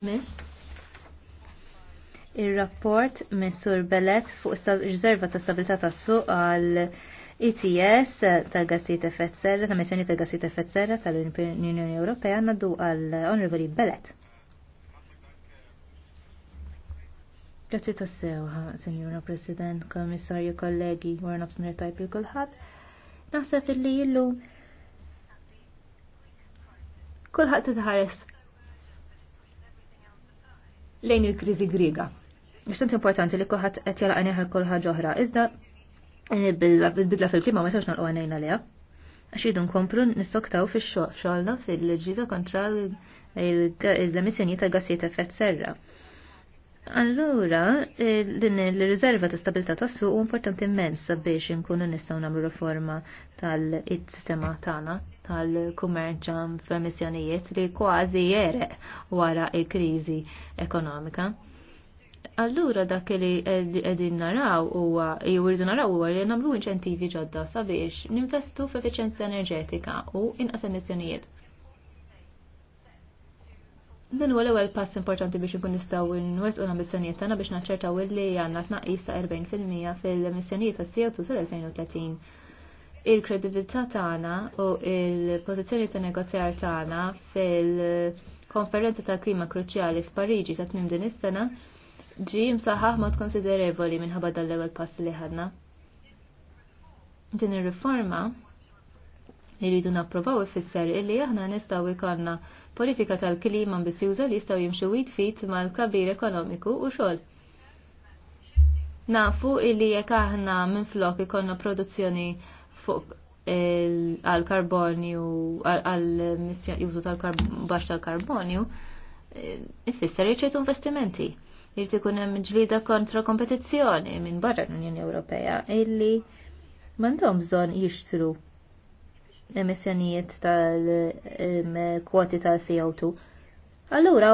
Miss, il-rapport Missur Belet fuq riserva ta' stabilità ta' suq għal ETS ta' gassijiet effett serra, ta' missjoni ta' gassijiet effett serra tal-Unjoni Ewropea naddu għal Honorable Belet. Grazie ta' sew, Senjura President, Komissarju, kollegi, warna b'snir tajp il Nasa Naħseb illi jillu kullħat t lejn il-kriżi griega. Biex importanti li kuħat qed jara għal kolħa ġohra, izda iżda eh, bidla fil-klima ma sewx l-għanajna li Għax jridu nkomplu nissoktaw fix-xogħolna fil-ġida kontra l-emissjonijiet tal-gassijiet effett serra. Allura, eh, din il-riserva ta' stabilità ta' suq u importanti immensa biex inkunu nistgħu nagħmlu riforma tal-sistema tagħna tal-kummerċa f'emissjonijiet li kważi jereq wara il-kriżi ekonomika. Allura dak li qegħdin naraw huwa jew irridu naraw huwa li nagħmlu inċentivi ġodda sabiex ninvestu f'effiċjenza enerġetika u inqas emissjonijiet. Dan huwa l-ewwel pass importanti biex ikun nistgħu nwerqu l-ambizzjonijiet tagħna biex naċċertaw illi għandna tnaqqis ta' 40% fil emissjonijiet ta' tas-CO2 sal-2030. Il-kredibilità tagħna u il-pożizzjoni ta' negozjar tagħna fil-konferenza ta' klima kruċjali f'Pariġi ta' tmiem din is-sena ġi msaħħaħ mod konsiderevoli minħabba dan l-ewwel pass li ħadna. Din ir-riforma li rridu napprovaw ifisser illi aħna nistgħu ikollna politika tal-klima ambizjuża li jistgħu jimxu fit mal-kabir ekonomiku u xogħol. Nafu illi jekk aħna minflok ikollna produzzjoni fuq għal karbonju għal jużu tal-baxx tal-karbonju, eh, ifisser jirċetu investimenti. Jrid ikun hemm ġlida kontra kompetizzjoni minn barra l-Unjoni Ewropea illi m'għandhom bżonn jixtru emissjonijiet tal-kwoti ta' CO2. Allura,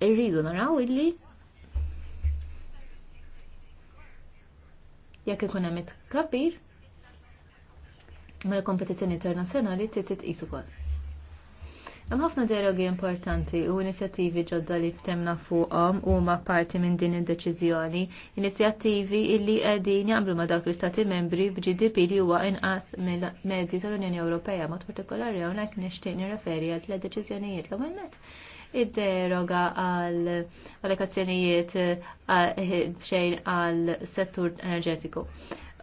irridu naraw illi jekk ikun hemm kapir mal-kompetizzjoni internazzjonali trid isu ukoll. Hemm ħafna derogi importanti u inizjattivi ġodda li ftemna fuqhom huma parti minn din id-deċiżjoni, inizjattivi illi qegħdin jagħmlu ma' dawk l-istati membri b'GDP li huwa inqas mill-medji tal-Unjoni Ewropea, mod partikolari hawnhekk nixtieq nirreferi għal tliet deċiżjonijiet l-ewwel id-deroga għal allokazzjonijiet eh, xejn għal settur enerġetiku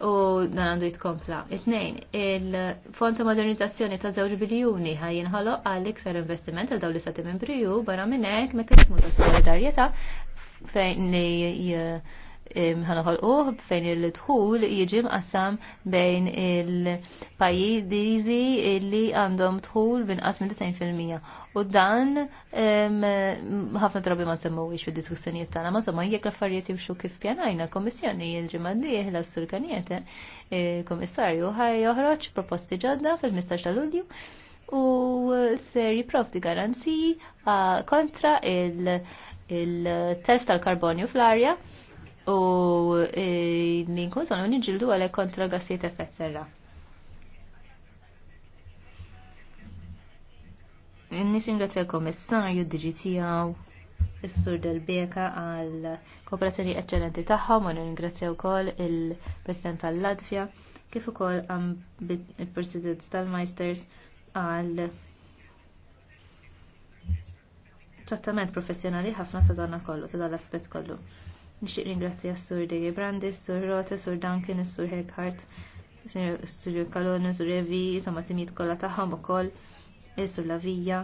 u dan għandu jitkompla. It-nejn, il-fond ta' modernizzazzjoni ta' żewġ biljuni ħaj għal iktar investiment għal dawn l-istati membri u barra minnek mekanizmu ta' solidarieta fejn li eh, ħanħolquh fejn il-dħul jiġi mqassam bejn il-pajjiżi li għandhom dħul binqas minn 90%. U dan ħafna drabi ma semmuwix fid-diskussjonijiet tagħna, ma somma jek laffariet affarijiet jimxu kif pjanajna l-Kommissjoni l-ġimgħa d-dieħla s-surkanjete e, ħaj joħroċ proposti ġodda fil-15 ta' Lulju u ser jipprovdi garanziji kontra il-telf tal-karbonju fl-arja u e, ninkun sonu nġildu għale kontra gassiet effett serra. Nisim għazzel komissarju d-digitijaw, il-sur del-beka għal kooperazzjoni eccellenti taħħom, u ningrazzjaw kol il-president tal-Latvja, kif ukoll il-president tal-Meisters għal trattament professjonali ħafna ta' dan kollu, ta' dan l-aspet kollu. Nixtieq ringrazzja s-Sur Dege Brandi, s-Sur Rota, s-Sur Duncan, s-Sur Heghart, s-Sur Kalon, s-Sur Evi, insomma timijiet kollha tagħhom ukoll, s-Sur Lavija,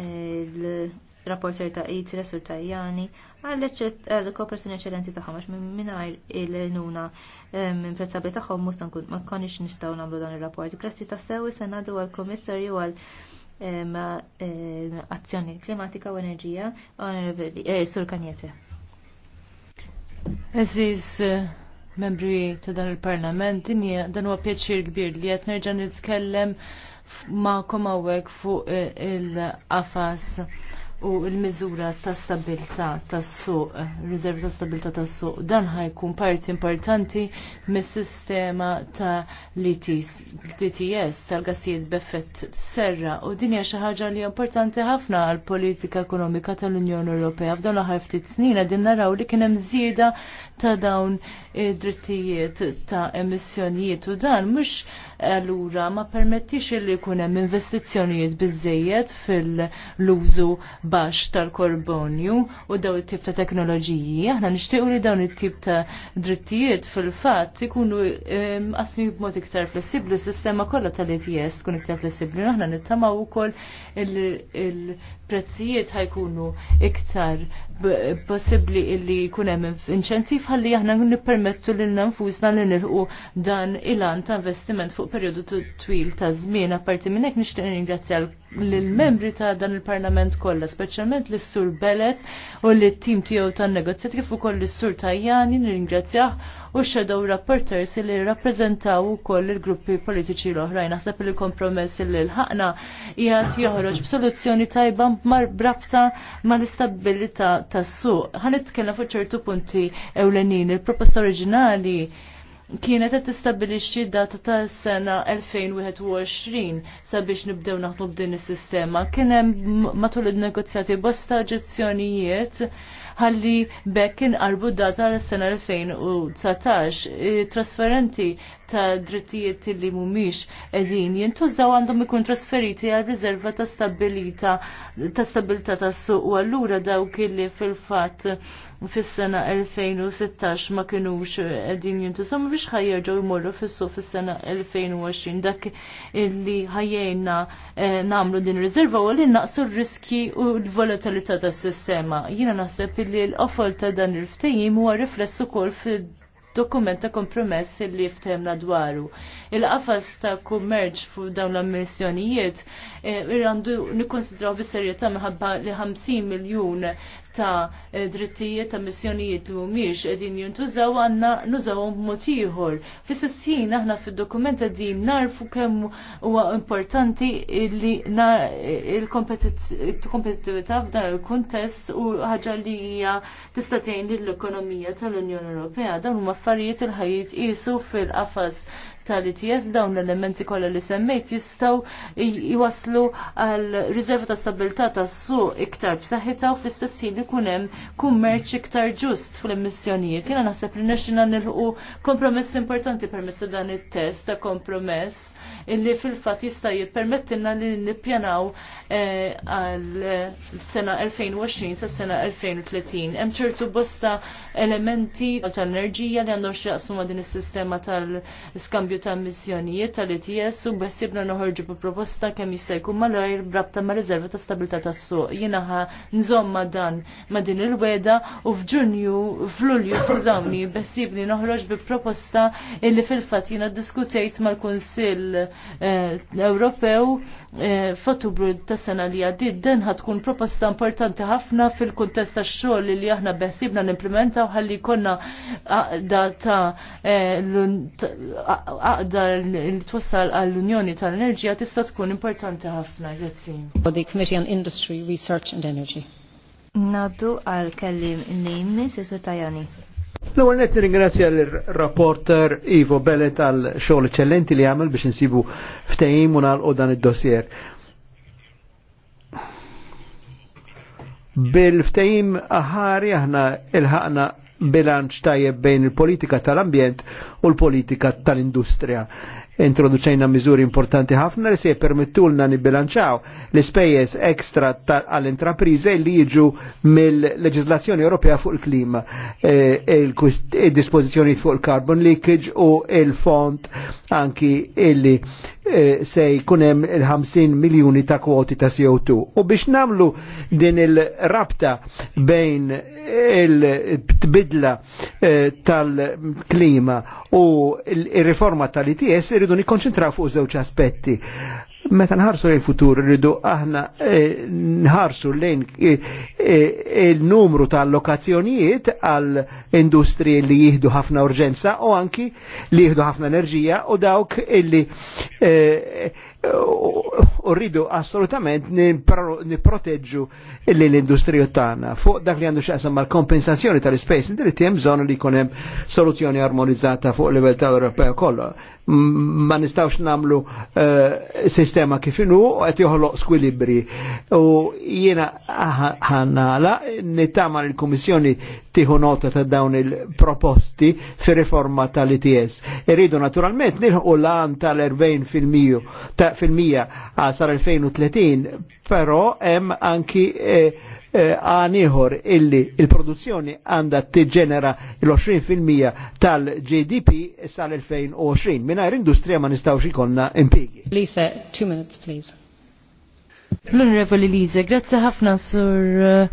il-rapporter ta' Itri, s-Sur Tajjani, għall-kooperazzjoni eċċellenti taħħam, għax mingħajr il-nuna minn ehm, prezzabli tagħhom mhux ma konniex nistgħu nagħmlu dan ir-rapport. Grazzi ta' sewi se għal għall-Kummissarju ehm, ehm, għal azzjoni klimatika u enerġija, eh, Sur Kanjete. Eżiz, eh, membri ta' dan il-parlament, dan huwa pjaċir kbir li qed nerġa' nitkellem ma' komawek fuq eh, il-qafas u l-miżura ta' stabilità tas-suq, riservi ta' stabilità tas-suq, dan ħajkun parti importanti mis-sistema ta' l-ITS tal-gassijiet b'effett serra u din hija xi ħaġa li importanti ħafna għal politika ekonomika tal-Unjoni Ewropea f'dan l-aħħar ftit snin din naraw li kien hemm ta' dawn id-drittijiet ta' emissjonijiet u dan mhux allura ma permettix li jkun hemm investizzjonijiet biżejjed fil lużu baxx tal-korbonju u daw it-tip ta' teknoloġiji. Aħna nixtiequ li dawn it-tip ta' drittijiet fil-fatt ikunu qasmi b'mod iktar flessibbli, s-sistema kollha tal-ETS tkun iktar flessibbli. Aħna nittamaw ukoll il prezzijiet ħajkunu iktar possibbli illi jkun hemm inċentiv ħalli aħna nippermettu lil nfusna li nilqu dan il-an ta' investiment fuq perjodu twil ta' żmien apparti minn hekk nixtieq ningrazzja lill-membri ta' dan il-Parlament kollha, speċjalment lis-Sur Belet u lit-tim tiegħu tan-negozjat kif ukoll lis-Sur Tajjani nirringrazzjah u shadow rapporters li rappresentaw ukoll il-gruppi politiċi l-oħrajn. Naħseb li kompromess li l-ħakna jgħat joħroġ b'soluzzjoni tajba mar brabta ma l-istabilita tas-suq. Ħanitkellem fuq ċertu punti ewlenin. Il-proposta oriġinali kienet qed tistabbilixxi data ta' sena 2021 sabiex nibdew naħdmu b'din is-sistema. Kien hemm matul in-negozjati bosta ġezzjonijiet ħalli bekk arbu data l sena 2019 trasferenti ta' drittijiet li mumiex edin jintużaw għandhom ikun trasferiti għal rizerva ta' stabilita ta' stabilita ta' suq u allura dawk li fil-fat fis-sena 2016 ma kinux qegħdin jintużaw biex ħajjerġgħu jmorru fis-suq fis-sena 2020 dak illi ħajjejna eh, nagħmlu din riserva u li naqsu r-riski u l-volatilità tas-sistema. Jiena naħseb illi l-qofol ta' dan il-ftehim huwa rifless ukoll dokument ta' kompromess li ftehemna dwaru. Il-qafas ta' kummerġ fuq dawn l-ammissjonijiet Eh, irrandu nikkonsidraw bis-serjetà minħabba li 50 miljun ta' eh, drittijiet ta' missjonijiet li mhumiex qegħdin jintużaw għandna nużawhom b'mod ieħor. sessin aħna fid-dokumenta din narfu kemm huwa importanti li eh, il kompetitivita f'dan il-kuntest u ħaġa li hija tista' l ekonomija tal-Unjoni Ewropea. Dan huma affarijiet il ħajjiet qisu fil-qafas tal-ITS dawn l-elementi kollha li semmejt jistgħu jwaslu għal riserva ta' stabilità tas-suq iktar b'saħħitha u fl-istess ħin ikun hemm kummerċ iktar ġust fl-emissjonijiet. Jiena naħseb li nexxina nilħu kompromess importanti permezz dan it-test ta' kompromess illi fil-fatt jista' jippermettilna li nippjanaw eh, għal sena 2020 sa' sena 2030. Hemm ċertu bosta elementi tal-enerġija li għandhom x'jaqsmu din is-sistema tal-iskambju skambju ta' missjonijiet tal-ITS u bessibna noħorġu bi proposta kemm jista' jkun malajr brabta ma' riserva ta' stabilità tas-suq. Jinaħa ħa nżomma dan ma' din il-weda u f'Ġunju f'Lulju skużawni bessibni noħroġ bi proposta illi fil-fatt jiena ddiskutejt mal-Kunsill eh, Ewropew eh, f'Ottubru ta' sena li għaddit den ħatkun proposta importanti ħafna fil-kuntest tax-xogħol li aħna bessibna u ħalli konna għaqda ta' eh, għaqda li twassal għall-Unjoni tal-Enerġija tista' tkun importanti ħafna, grazzi. For the Committee on Industry, Research and Energy. Naddu għal kellim nimi Sisur Tajani. L-għol net ringrazzja l-rapporter Ivo Bellet tal-xogħol eccellenti li għamel biex nsibu ftehim u nalqu dan id-dossier. Bil-ftehim aħari aħna il-ħakna bilanċ tajjeb bejn il-politika tal-ambjent u l-politika tal-industrija. Introduċejna miżuri importanti ħafna li se permettulna nibilanċaw l-ispejjeż ekstra għall-intrapriże li jiġu mill-leġislazzjoni Ewropea fuq il-klima, e, il-dispożizzjonijiet fuq il-carbon leakage u il-font anki illi e, se jkunem il-50 miljoni ta' kwoti ta' CO2. U biex namlu din il-rabta bejn il-tbidla eh, tal-klima u il-riforma tal-ITS irridu nikkonċentraw fuq żewġ aspetti. Meta nħarsu lejn futur rridu aħna eh, nħarsu lejn eh, il-numru ta' allokazzjonijiet għal industri li jihdu ħafna urġenza u anki li jihdu ħafna enerġija u dawk illi urridu rridu assolutament niproteġu l-industrija tagħna. Fuq dak li għandu x'qasam mal-kompensazzjoni tal-ispejs, indiritti hemm bżonn li jkun hemm soluzzjoni armonizzata fuq livell tal-Ewropew kollha. Ma nistgħux nagħmlu eh, sistema kif inhu qed joħloq squilibri. U jiena ħanala nittama l-Kummissjoni tieħu nota ta' dawn il-proposti fir riforma tal-ITS. Irridu naturalment nilħu l-għan tal-40% fil-mija sar 2030, però hemm anki eh, eh, għaniħor illi il-produzzjoni għanda t-ġenera il 20 tal-GDP sal-2020. Minajr industrija ma nistawx ikonna impigi. Lisa, two minutes, please. L-Onorevoli Lisa, grazie ħafna sur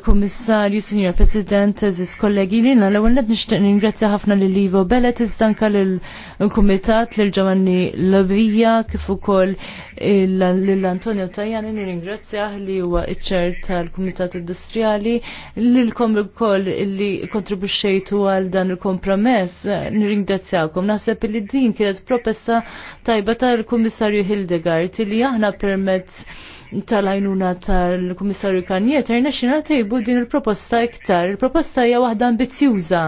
Komissarju, Signor President, Eżis kollegi, lina l-ewel ned nishtiq ningrazzja ħafna lil Livo Bellet, iżdanka l-Kumitat, lil Ġovanni Labija, kif ukoll l-Antonio Tajani, ningrazzja li huwa iċ-ċer tal-Kumitat Industrijali, lilkom ukoll li kontribuxxejtu għal dan il-kompromess, nirringrazzjakom. Naħseb li din kienet proposta tajba tal-Kummissarju Hildegard li aħna permezz tal ajnuna tal-Kummissarju Kanjet, rnexxina tejbu din il-proposta iktar. Il-proposta hija waħda ambizjuża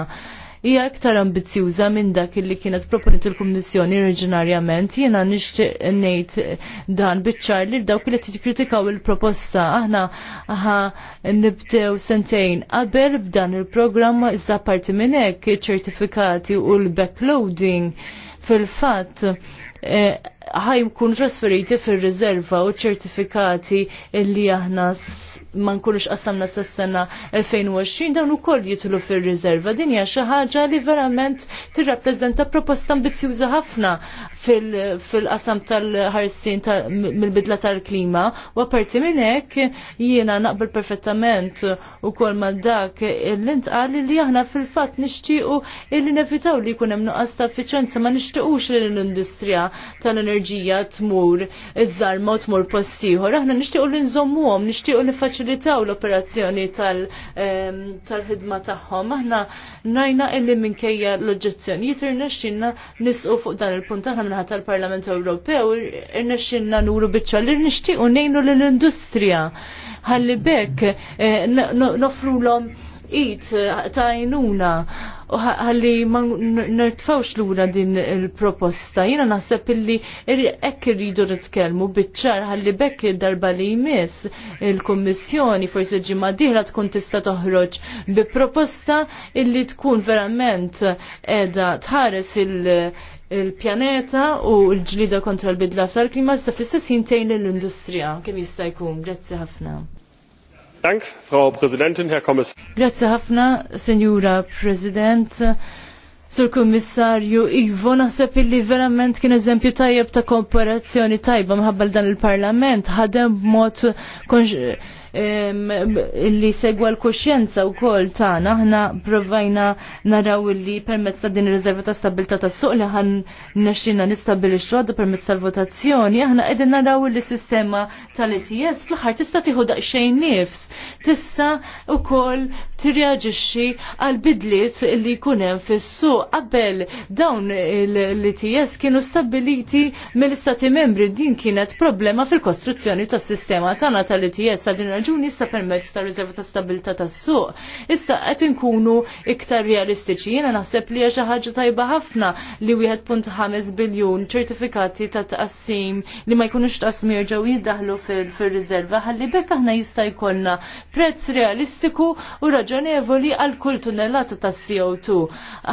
hija iktar ambizjuża minn dak li kienet proponiet il-Kummissjoni oriġinarjament jiena nixtieq ngħid dan biċ-ċar li dawk li tikkritikaw il-proposta aħna aħa nibdew sentejn qabel b'dan il-programm iżda parti minn hekk iċ-ċertifikati u l-backloading fil-fatt ħajm kun trasferiti fil-rizerva u ċertifikati li aħna ma nkunux na s sena 2020 dawn ukoll jitlu fir-riserva. Din hija xi ħaġa li verament tirrappreżenta proposta ambizjuża ħafna fil-qasam tal-ħarsin mill-bidla tal-klima u apparti minn hekk jiena naqbel perfettament ukoll ma dak l-intqal li aħna fil-fatt nixtiequ illi nevitaw li jkun hemm nuqqas ta' effiċenza ma nixtiequx li l-industrija tal-enerġija tmur iż-żarma u tmur postiħor. Aħna nixtiequ li nżommuhom, nixtiequ li niffaċilitaw l-operazzjoni tal-ħidma tagħhom. Aħna najna illi minkejja l-oġġezzjonijiet irnexxinna nisqu fuq dan il-punt aħna minħat tal-Parlament Ewropew irnexxinna nuru biċċa li nixtiequ ngħinu lill-industrija ħalli bekk eh, nofru l-om id eh, ta' għajnuna għalli ma nertfawx lura din il-proposta. Jina naħseb illi ekk irridu nitkellmu bitċar ħalli bekk darba li jmiss il-Kommissjoni forse ġimma diħra tkun tista' toħroġ bi proposta illi tkun verament edha tħares il- il-pjaneta u l-ġlida kontra l-bidla fl-klima sta fl-istess jintejn l-industrija. Kemm jista' jkun? Grazzi ħafna. Dank, Frau Präsidentin, Herr Kommissar. Grazie ħafna, Signora President. Sur Kommissarju, Ivo, naħseb illi verament kien eżempju tajjeb ta' komparazzjoni tajba mħabbal dan il-Parlament, ħadem b'mod li segwa l-kuxjenza u kol tana. Aħna provajna naraw li permezz ta' din il-rezerva ta' stabilta ta' suq li ħan naxxina nistabilixxu għadda permezz tal-votazzjoni. Aħna qegħdin naraw li sistema tal-ETS fl-aħħar tista' tieħu daqsxejn nifs. Tista' ukoll tirreaġixxi għal bidliet li kunem fis-suq qabel dawn l-ETS kienu stabiliti mill-istati membri din kienet problema fil-kostruzzjoni tas sistema tagħna tal-ETS għal raġuni issa permezz ta' riserva ta' stabilità tas-suq. Issa qed inkunu iktar realistiċi. Jiena naħseb li xi ħaġa tajba ħafna li wieħed punt ħames biljun ċertifikati ta' tqassim li ma jkunux tqasmir ġew jiddaħlu fir-riserva ħalli bekk aħna jista' jkollna prezz realistiku u raġonevoli għal kull tunnellata ta' CO2.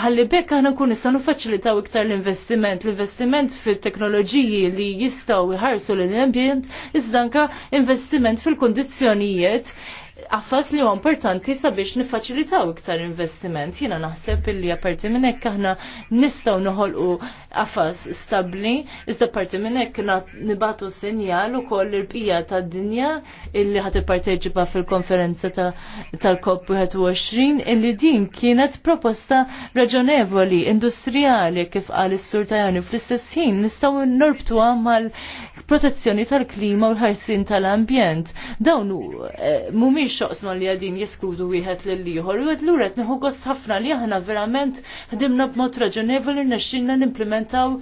Ħalli bekk aħna nkun nistgħu nifaċilitaw iktar l-investiment, l-investiment fit teknoloġiji li jistgħu jħarsu l-ambjent, iżda anke investiment fil-kundizzjoni ħsanijiet affas li huwa importanti sabiex niffaċilitaw iktar investiment. Jiena naħseb illi apparti minn hekk aħna nistgħu noħolqu għaffas stabbli, iżda parti minn hekk nibatu sinjal ukoll il-bqija tad-dinja illi ħad ipparteċipa fil-konferenza tal-COP 21 illi din kienet proposta raġonevoli, industrijali kif għal s sur Tajani fl-istess ħin nistgħu norbtu mal-protezzjoni tal-klima u l-ħarsin tal-ambjent. Dawn eh, mhumiex mhumiex li għadin jeskludu wieħed lill ieħor. U għedlu ret nieħu gost ħafna li aħna verament ħdimna b'mod raġonevoli nexxinna nimplementaw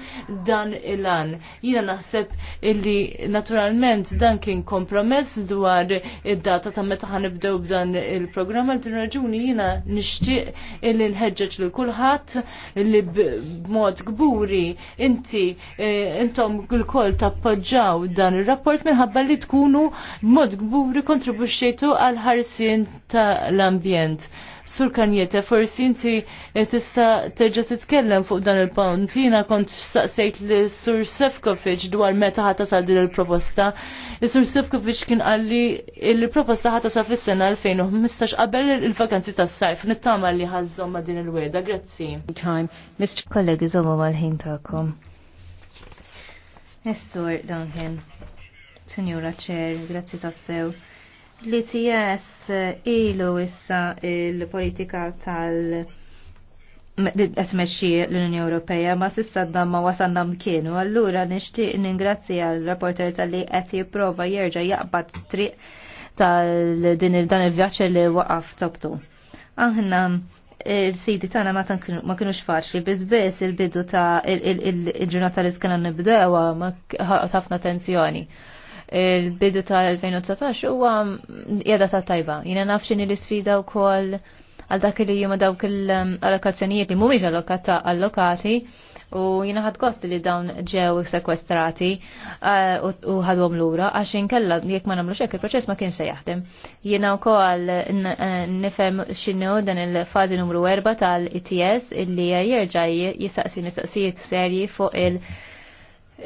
dan il-an. Jiena naħseb illi naturalment dan kien kompromess dwar id-data ta' meta ħanibdew b'dan il-programm din raġuni jiena nixtieq illi nħeġġeġ lil kulħadd li b'mod kburi inti eh, intom l-kol tappoġġaw dan ir-rapport minħabba li tkunu b'mod kburi kontribuxxejtu għal għal-ħarsin tal-ambjent. Sur Kanjete, forsi inti eh, tista terġa titkellem fuq dan il pont Jina kont saqsejt li Sur Sefkovic dwar meta ħata sal din il-proposta. Sur Sefkovic kien għalli il-proposta ħata sal fis-sena 2015 qabel il-vakanzi tas-sajf. Nittama li ħazzom ma din il-weda. Grazzi. Time. Mr. Kollegi, zomma mal-ħin ta'kom. Essur, Duncan. Signora Cher, grazzi ta' sew L-ITS eh, ilu issa il-politika tal- esmeċi l-Unjoni Ewropea ma sissa damma wasanna mkienu, allura nishtiq ningrazzja l-rapporter tal-li qed jipprova jerġa' jaqbad triq tal-din dan il-vjaċċ li waqaf tabtu. Aħna il eh, sidi tagħna ma kinux faċli, biss il-bidu ta' il-ġurnata li skena nibdewa ma ħafna tensjoni il-bidu tal-2019 huwa jeda ta' tajba. Jina nafxin il-sfida u kol għal dak li juma dawk il-allokazzjonijiet li mumiġ allokati u jina ħad kost li dawn ġew sekwestrati uh, u ħadhom lura għax inkella jekk ma nagħmlu hekk il-proċess ma kien se jaħdem. Jiena wkoll nifhem x'inhu dan il-fażi numru 4 tal-ITS illi jerġa' jistaqsi mistaqsijiet serji fuq il-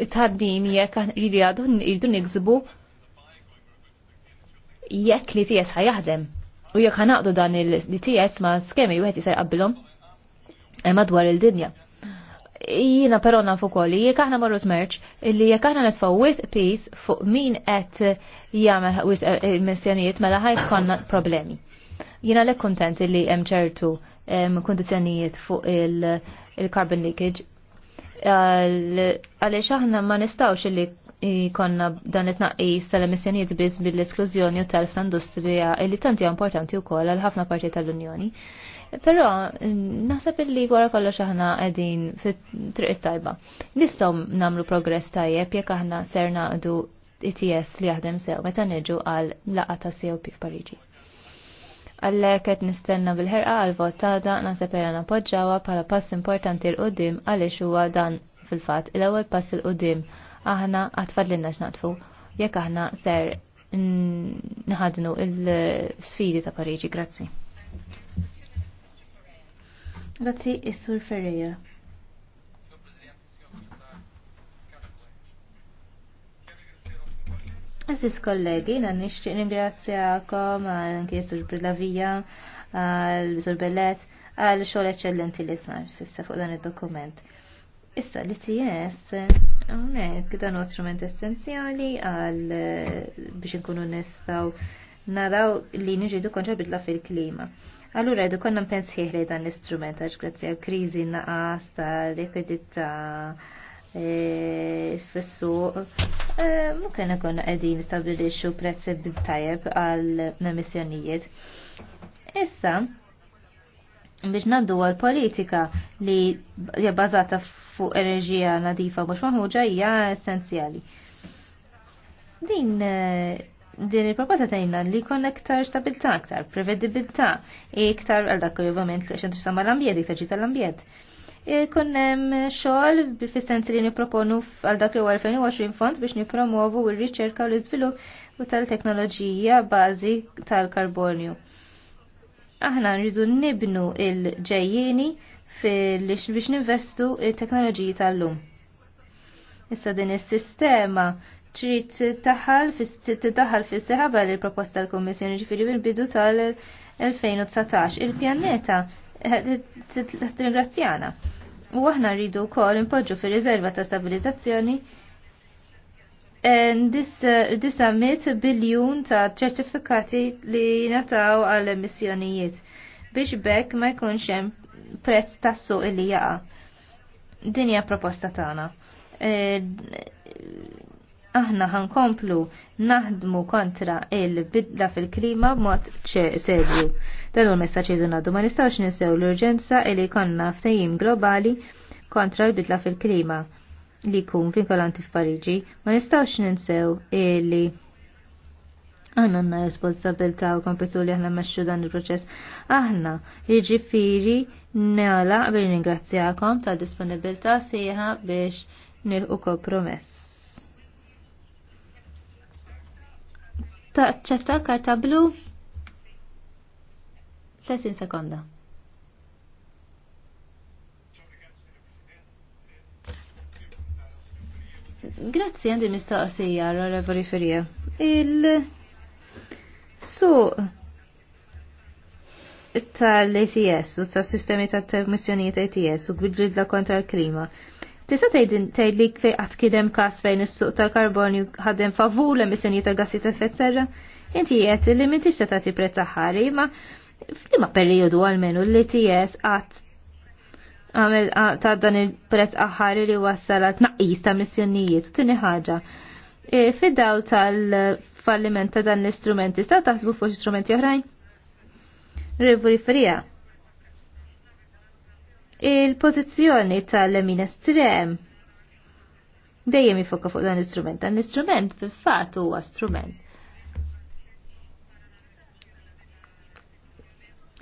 tħaddim jekk jridu nikzbu jekk li tiegħek jaħdem, u jekk ħanaqdu dan il-DTS ma' skemi wieħed jista' jqabbilhom eh, madwar il-dinja. Jiena però nafu kolli jekk aħna marru smerċ illi jekk aħna nitfgħu wisq peace fuq min qed jagħmel wisq eh, missjonijiet mela ħajt konna problemi. Jiena lek kontent illi hemm ċertu eh, kundizzjonijiet fuq il-carbon leakage għaliex aħna ma nistawx li konna dan it-naqqis tal-emissjonijiet biss bil-esklużjoni u telf tal-industrija li tanti importanti wkoll għal ħafna parti tal-Unjoni. Però naħseb li wara kollox aħna qegħdin fit-triq tajba. Nistgħu nagħmlu progress tajjeb jekk aħna serna għadu ITS li jaħdem sew meta nerġu għal laqata ta' COP f'Pariġi għallek qed nistenna bil-ħerqa għal-vot għada naħseb era napoġġawha bħala pass importanti l qudiem għaliex huwa dan fil-fatt il-ewwel pass il qudiem aħna għatfadlinna x'naqtfu jekk aħna ser nħadnu il-sfidi ta' Pariġi. Grazzi. Grazzi, Is-Sur Ferreira. Aziz kollegi, na nixtieq ningrazzjakom anke Sur Brillavija għal Sur Bellet għal xogħol eċċellenti li sar s'issa fuq dan id-dokument. Issa l ts hawnhekk dan huwa strument essenzjali għal biex inkunu nistgħu naraw li niġidu kontra bidla fil-klima. Allura jdu konna mpensħiħ li dan l-istrument għax grazzi għal krizi naqas ta' rekwidit E, fissuq. E, Mukien ikun qegħdin nistabilixxu prezzi tajjeb għal emissjonijiet. Issa, biex naddu għal politika li jabbażata fuq enerġija nadifa mhux maħmuġa hija essenzjali. Din e, din il-proposta tajna li kon aktar stabilta, aktar prevedibilta, iktar għal dak ovvjament li sama l-ambjent, iktar ġita l-ambjent. Eh, konnem xogħol fis fissenzi li nipproponu għal dak li għal 2020 fond biex nippromovu r-riċerka u l-iżvilupp tal-teknoloġija bażi tal-karbonju. Aħna rridu nibnu il ġejjini biex ninvestu il-teknoloġiji tal-lum. Issa din is-sistema trid tiddaħħal tiddaħħal fis-seħaba l proposta tal-Kummissjoni ġifieri bil-bidu tal-2019. Il-pjaneta ringrazzjana. U aħna rridu wkoll impoġġu fir-riserva ta' stabilizzazzjoni disa mit biljun ta' ċertifikati li nataw għal emissjonijiet biex bekk ma jkunx hemm prezz tas-suq li jaqa' dinja proposta tagħna aħna ħankomplu naħdmu kontra il-bidla fil-klima b'mod serju. Dan u messaġġ li nagħdu ma nistawx ninsew l-urġenza li konna ftehim globali kontra l-bidla fil-klima li jkun vinkolanti f'Pariġi, ma nistgħux ninsew li aħna għandna responsabilta u kompetu li aħna meċċu dan il-proċess. Aħna, jiġifieri nela bil ningrazzjakom ta' disponibilità sieħa biex nilqu kompromess. Taċċetta karta blu 30 sekonda. Grazzi għandi mistaqsija l-Revoli Il-suq tal-ACS u tal-sistemi tal tal ATS u bil kontra l-klima Tista' tgħid li fejn qatt kidem każ fejn is-suq tal-karbonju ħadem favur l-emissjonijiet ta' gassi ta' effett serra? Inti qed li m'intix se tagħti prezz ħari, ma f'liema perjodu għalmenu li its qatt għamel ta' dan il-prezz aħari li wassal tnaqqis ta' missjonijiet u tini ħaġa. E, Fid-daw tal-falliment ta' dan l-istrumenti, sta' taħsbu fuq istrumenti oħrajn? Rivu Ferija il-pozizjoni tal-lemin estrem dejjem jifokka fuq dan l-istrument. Dan l-istrument fil-fat huwa strument.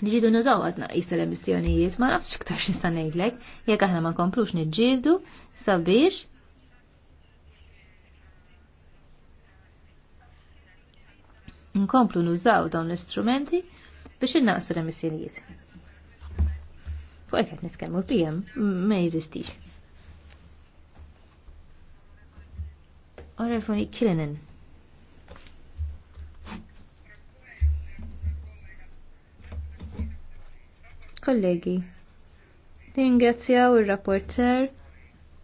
Nġidu nużaw għadna jisa l-emissjonijiet, ma nafx ktar nista' ngħidlek, jekk aħna ma komplux niġġieldu sabiex nkomplu nużaw dawn l-istrumenti biex innaqsu l-emissjonijiet fuq qed nitkellmu l-PM ma jeżistix. Orefoni Kilenen. Kollegi, ringrazzjaw il-rapporter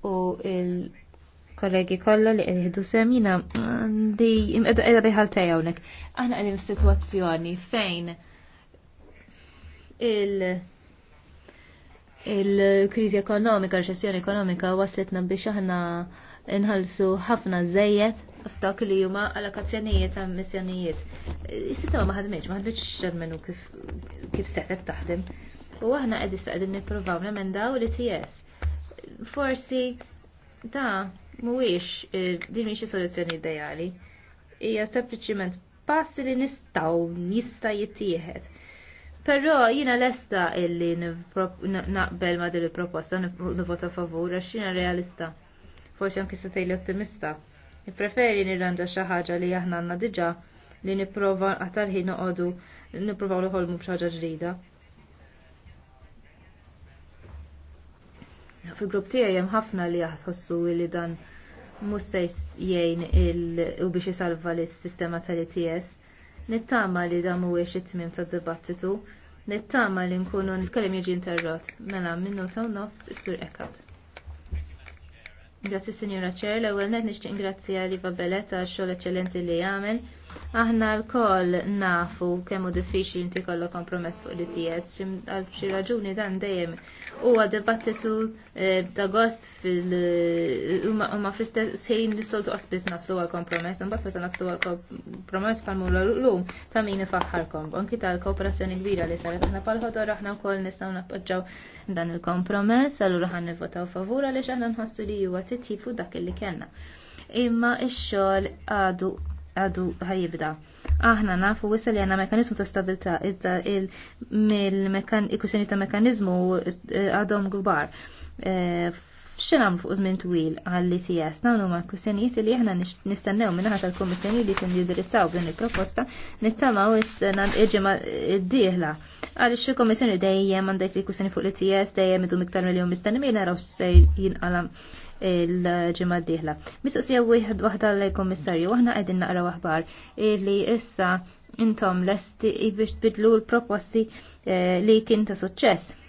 u il-kollegi kollha li qed sem jiena għandi qiegħda bejħal hawnhekk. Aħna qegħdin situazzjoni fejn il- il-kriżi ekonomika, r-ċessjoni ekonomika waslitna biex aħna nħallsu ħafna żejjed f'dak li huma allokazzjonijiet ta' missjonijiet. Is-sistema ma ħadmitx, ma ħadmitx x'menu kif kif setet taħdem. U aħna qed istaqdin nippruvaw nemendaw li TS. Forsi da mhuwiex eh, din mhix soluzzjoni ideali. Hija sempliċiment pass li nistgħu jista' jittieħed Però jina lesta illi naqbel ma din il-proposta nivota favur għax jina realista. Forsi anki se tejli ottimista. Nippreferi nirranġa xi ħaġa li aħna għandna diġà li nipprova qatar noqodu noqogħdu nipprovaw noħolmu b'xi ġdida. Fil-grupp tiegħi hemm ħafna li jaħsossu li dan mhux se jgħin u biex jisalva lis sistema tal-ETS Nittama li da mhuwiex it-tmiem tad-dibattitu, nittama li nkunu nitkellem jiġi interrot. Mela minnu u nofs is-sur ekat. Grazzi Signora Chair. l-ewwel nett nixtieq ingrazzja li Babeletta xogħol eċċellenti li jagħmel Aħna l-koll nafu kemmu diffiċli inti kollok kompromess fuq l-ITS, għal xi raġuni dan dejjem huwa dibattitu ta' eh, gost fil umma fl-istess ħin li soltu naslu għal kompromess, un meta naslu għal kompromess bħal l-lum ta' min ifaħħarkom. Anki l kooperazzjoni kbira li saret aħna pal-ħodor aħna wkoll nistgħu nappoġġaw dan il-kompromess, allura ħan nivvotaw favur għaliex xaħna nħossu li huwa titjifu dak li kellna. Imma ix-xogħol għadu għadu ħajibda. Aħna nafu wisa li għanna mekanizmu ta' stabilta, iżda il-kussjoni ta' mekanizmu eh, għadhom gbar eh, xinam fuq żmien twil għalli tijas nawnu ma' kussjonijiet li aħna nistennew minnaħat tal-Kummissjoni li tindirizzaw din il-proposta nittamaw is-sena iġema d-dieħla. Għaliex il-Kummissjoni dejjem għandek li kussjoni fuq l-ITS dejjem idu miktar mill-jum mistenni naraw se jinqalam il-ġimma d-dieħla. Mistoqsija wieħed wahda l-Kummissarju, aħna qegħdin naqra aħbar li issa intom lesti biex tbidlu l-proposti eh, li kien ta' suċċess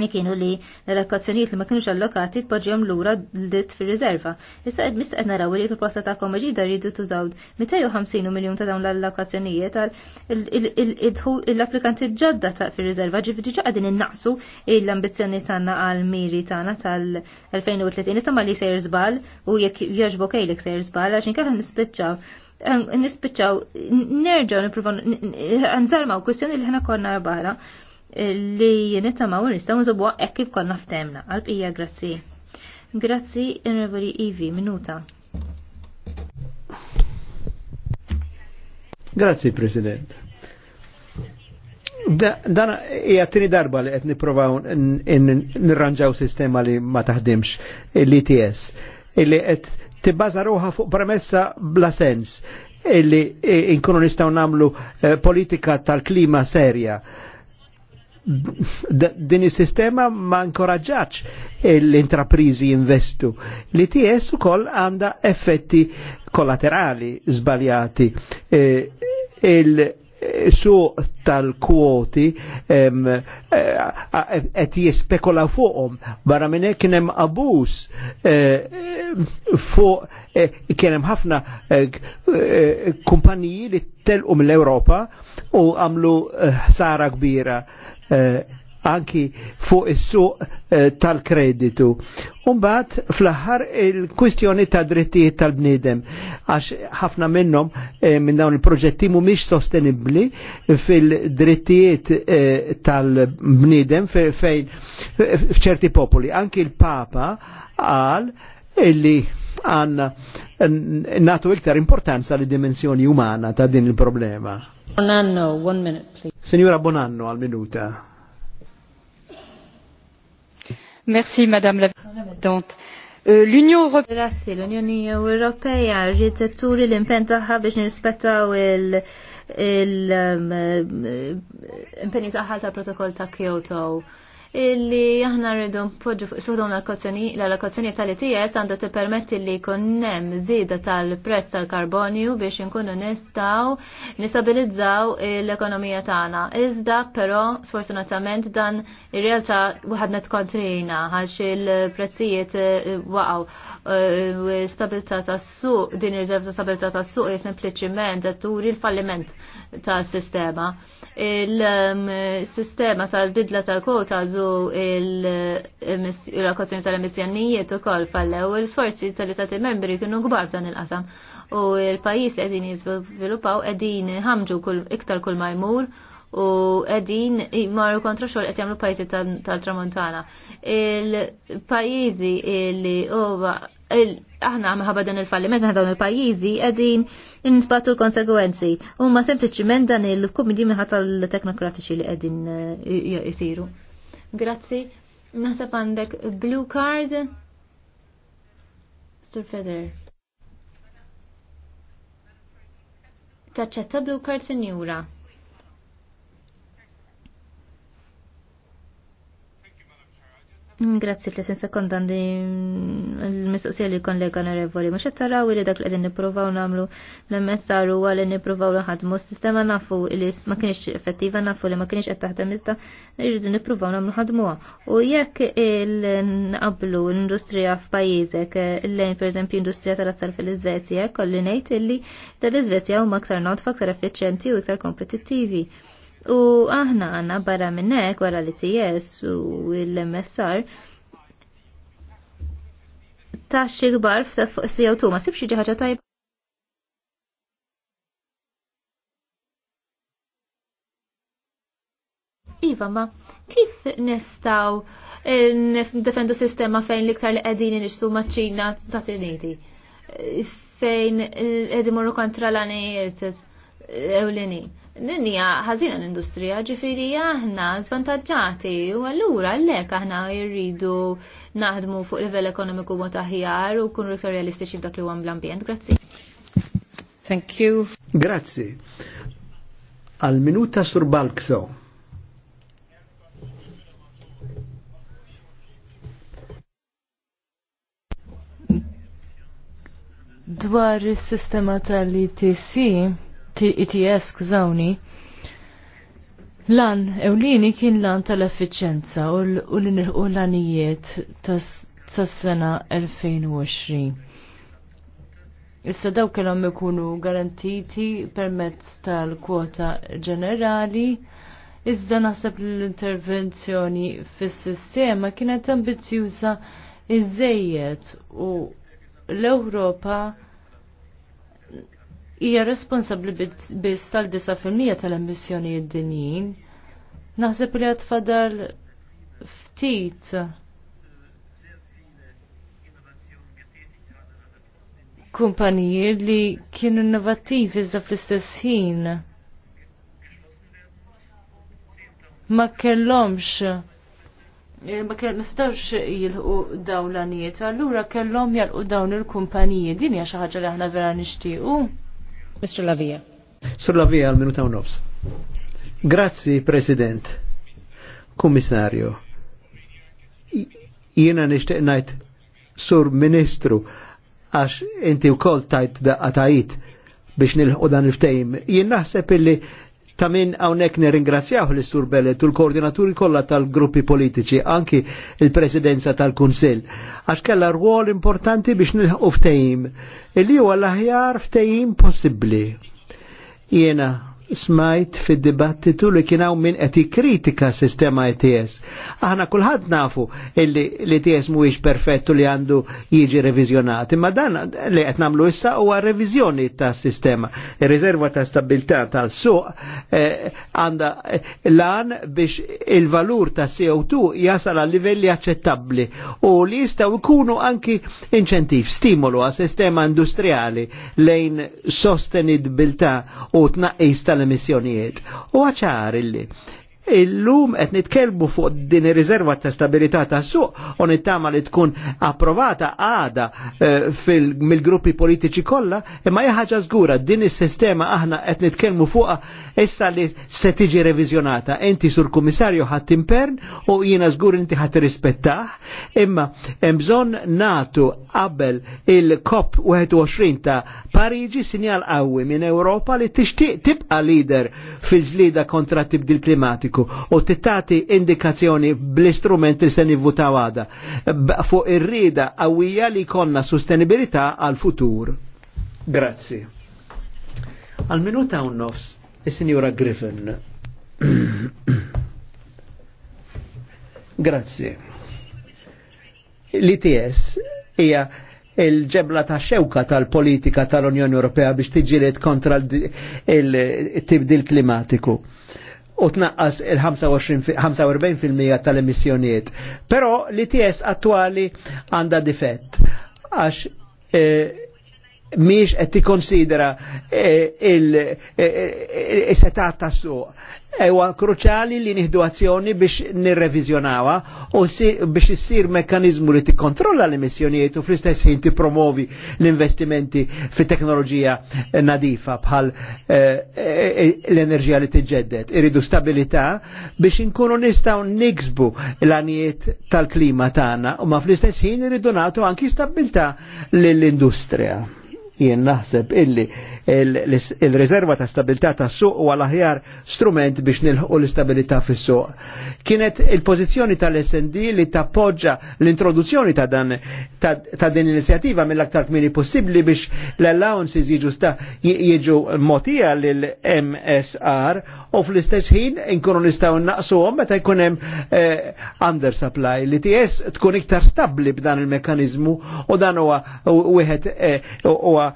li kienu li l-allokazzjonijiet li ma kienux allokati tpoġġihom lura dit fir-riserva. Issa qed mist qed naraw li proposta ta' koma ġida rridu tużaw 250 miljun ta' dawn l-allokazzjonijiet għal l-applikanti ġodda ta' fir-riserva ġifieri ġa qegħdin innaqsu l-ambizzjoni tagħna għal miri tagħna tal-2030 ta' ma li sejr żball u jekk jogħġbok ejlek sejr żball għax inkella nispiċċaw nispiċċaw nerġgħu nippruvaw nżarmaw kwistjoni li ħna konna barra li nittamaw nistaw nżobu ekk kif konna ftemna. ija grazzi. Grazzi, Enrevoli Ivi, minuta. Grazzi, President. dan hija tini darba li qed nippruvaw nirranġaw sistema li ma taħdimx l-ITS illi qed tibbaża ruħha fuq premessa bla sens illi inkunu nistgħu nagħmlu eh, politika tal-klima serja din is-sistema ma nkoraġġax l-intraprizi investu. L-ITS ukoll għandha effetti kollaterali zbaljati. E, il su tal-kwoti e, e, qed jispekola fuqhom barra minne kienem abus fuq kien hemm ħafna kumpaniji li tel-um l-Europa u għamlu ħsara kbira Eh, anki fuq issu suq eh, tal-kreditu. Umbat fl-aħħar il-kwistjoni ta' drittijiet tal-bniedem għax ħafna minnhom eh, minn dawn il-proġetti mhumiex sostenibbli fil-drittijiet tal-bniedem fejn f'ċerti popoli. Anki il-Papa qal illi għanna natu iktar importanza li dimensjoni umana ta' din il-problema. Bonanno, one minute, please. Signora Bonanno, al minuta. Merci, Madame la Présidente. Euh, L-Unjoni Ewropea. Grazzi, l-Unjoni Ewropea rrid turi l-impenn tagħha biex nirrispettaw il- il-impenni taħħal ta' Kyoto illi aħna rridu npoġġu fuq suħdom l-allokazzjoni tal għandu għandha permetti li jkun hemm żieda tal-prezz tal-karbonju biex inkunu nistgħu nistabilizzaw l-ekonomija tagħna. Iżda però sfortunatament dan ir-realtà waħadna tkontrina għax il-prezzijiet eh, waqgħu eh, stabilità tas-suq din ir-riserva ta' stabilità tas-suq sempliċiment qed turi l-falliment ta' um, sistema. Il-sistema tal-bidla tal-kwota zu il-rakozzjoni tal-emissjonijiet u kol u l sforzi tal-istati membri kienu gbar dan il-qasam u il-pajis li jizviluppaw edin għedin ħamġu iktar kull majmur u edin marru kontra xol għed jamlu pajzi tal-tramontana. Il-pajizi li u aħna maħabba dan il falli medna dawn il-pajizi għedin insbatu l-konsegwenzi. Huma sempliċiment dan il-kumidi minħat l teknokratiċi li qegħdin eh, jisiru. Grazzi. Naħseb għandek blue card. Sir Feder. Taċċetta blue card sinjura. Grazzi li sen sekondan di l-mistoqsija li kon lega narevoli. Ma xettaraw li dak li għedin niprofaw namlu l-messaru għal li niprofaw l-ħadmu s-sistema nafu li ma kienx effettiva nafu li ma kienx għattaħdem iżda irridu niprofaw namlu ħadmuwa. U jekk il-nqablu l-industrija f'pajizek, l-lejn per eżempju industrija tal-azzar fil-Izvezja, kolli nejt illi tal-Izvezja u maktar not faktar effiċenti u iktar kompetittivi. U aħna għanna barra minnek wara li TS u l-MSR ta' kbar f'ta' CO2 ma sibxie xi tajb. tajba. Iva, ma kif nistaw eh, defendu sistema fejn liktar li qegħdin nixtu maċ-Ċina Stati Uniti? Eh, fejn eh, qegħdin morru kontra l-għanijiet ewlenin ninnija ħażina l-industrija ġifiri aħna zvantagġati u allura lek aħna jirridu naħdmu fuq livell ekonomiku mod aħjar u kun rektor realistiċi f'dak li għam bl-ambjent. Grazzi. Thank you. Grazzi. Al minuta sur Balkso. Dwar is-sistema tal-ITC, ITS, e skużawni. Lan, ewlini kien lan tal-effiċenza u l-nirqu lanijiet tas-sena 2020. Issa daw kellhom ikunu garantiti permezz tal-kwota ġenerali. Iżda naħseb li l-intervenzjoni fis-sistema kienet ambizzjuża iżejjed u l-Ewropa hija responsabbli biss tal-9% tal-emissjonijiet dinjin. Naħseb li għad fadal ftit kumpaniji li kienu innovattivi iżda fl-istess ħin. Ma kellhomx eh, ma nistgħux jilħu dawn l-anijiet, allura kellhom jalqu dawn il-kumpaniji, din hija xi ħaġa li aħna vera nixtiequ. Mr. Lavia. Sur Lavia, għal minuta unops. nofs. Grazzi, President. Kummissarju. Jena nishtiq najt Sur Ministru għax inti u kol tajt daqqa tajt biex nilħu dan il-ftejm. Jena naħseb illi ta' għawnek hawnhekk nirringrazzjaw l-Istur Bellet u l-koordinaturi kollha tal-gruppi politiċi, anki il-Presidenza tal-Kunsill, għax kellha rwol importanti biex nilħu ftehim, illi huwa l-aħjar ftejim possibbli. Jiena smajt fid-dibattitu li kienaw minn qed kritika sistema ETS. Aħna kulħadd nafu li l-ETS mhuwiex perfettu li għandu jiġi revizjonat, imma dan li qed nagħmlu issa huwa reviżjoni tas-sistema. Ir-riserva ta' stabilità tal-suq eh, għandha lan biex il-valur ta' CO2 jasal għal livelli aċċettabbli u li jistgħu jkunu anki inċentiv, stimolu għas sistema industrijali lejn sostenibilità u tnaqqis tal-emissjonijiet. U għaċar illi Illum qed nitkellmu fuq din ir-riserva ta' stabilità tas-suq u nittama li tkun approvata għada eh, mill-gruppi politiċi kollha, imma hija ħaġa żgura din is-sistema aħna qed nitkellmu fuqha issa li se tiġi reviżjonata. Inti sur kummissarju ħadd impern u jiena żgur inti ħadd irrispettah, imma hemm bżonn natu qabel il-COP 21 ta' Pariġi sinjal qawwi minn Ewropa li tixtieq tibqa' leader fil ġlieda kontra tibdil klimatiku politiku u tittati indikazzjoni bl-istrument li se nivvutaw għada fuq ir-rida għawija li konna sostenibilità għal futur. Grazzi. Għal minuta un nofs, il signora Griffin. Grazzi. L-ITS hija il-ġebla ta' xewka tal-politika tal-Unjoni Ewropea biex tiġilet kontra il-tibdil klimatiku u tnaqqas il-45% tal-emissjonijiet. Però l-ITS attuali għanda difett għax e, miex qed tikkonsidra e, il-setat e, tas-suq Ewa kruċali li nieħdu azzjoni biex nirrevizjonawa u si, biex issir mekanizmu li tikkontrolla l-emissjonijiet u fl-istess ħin tippromovi l-investimenti fi teknoloġija nadifa bħal eh, eh, eh, l-enerġija li tiġġedded. Iridu stabilità biex inkunu nistgħu niksbu l-anijiet tal-klima tagħna u ma fl-istess ħin iridu nagħtu anki stabilità lill-industrija jien naħseb illi il rezerva ta' stabilità ta' suq u għal aħjar strument biex nilħu l-istabilità fis-suq. Kienet il-pożizzjoni tal-SND li tappoġġa l-introduzzjoni ta' dan ta' din l mill-aktar kmini possibbli biex l-allowances jiġu sta jiġu motija lill-MSR u fl-istess ħin inkunu nistgħu għom meta jkun hemm eh, undersupply li ts tkun iktar stabbli b'dan il mekanizmu u dan huwa wieħed eh, huwa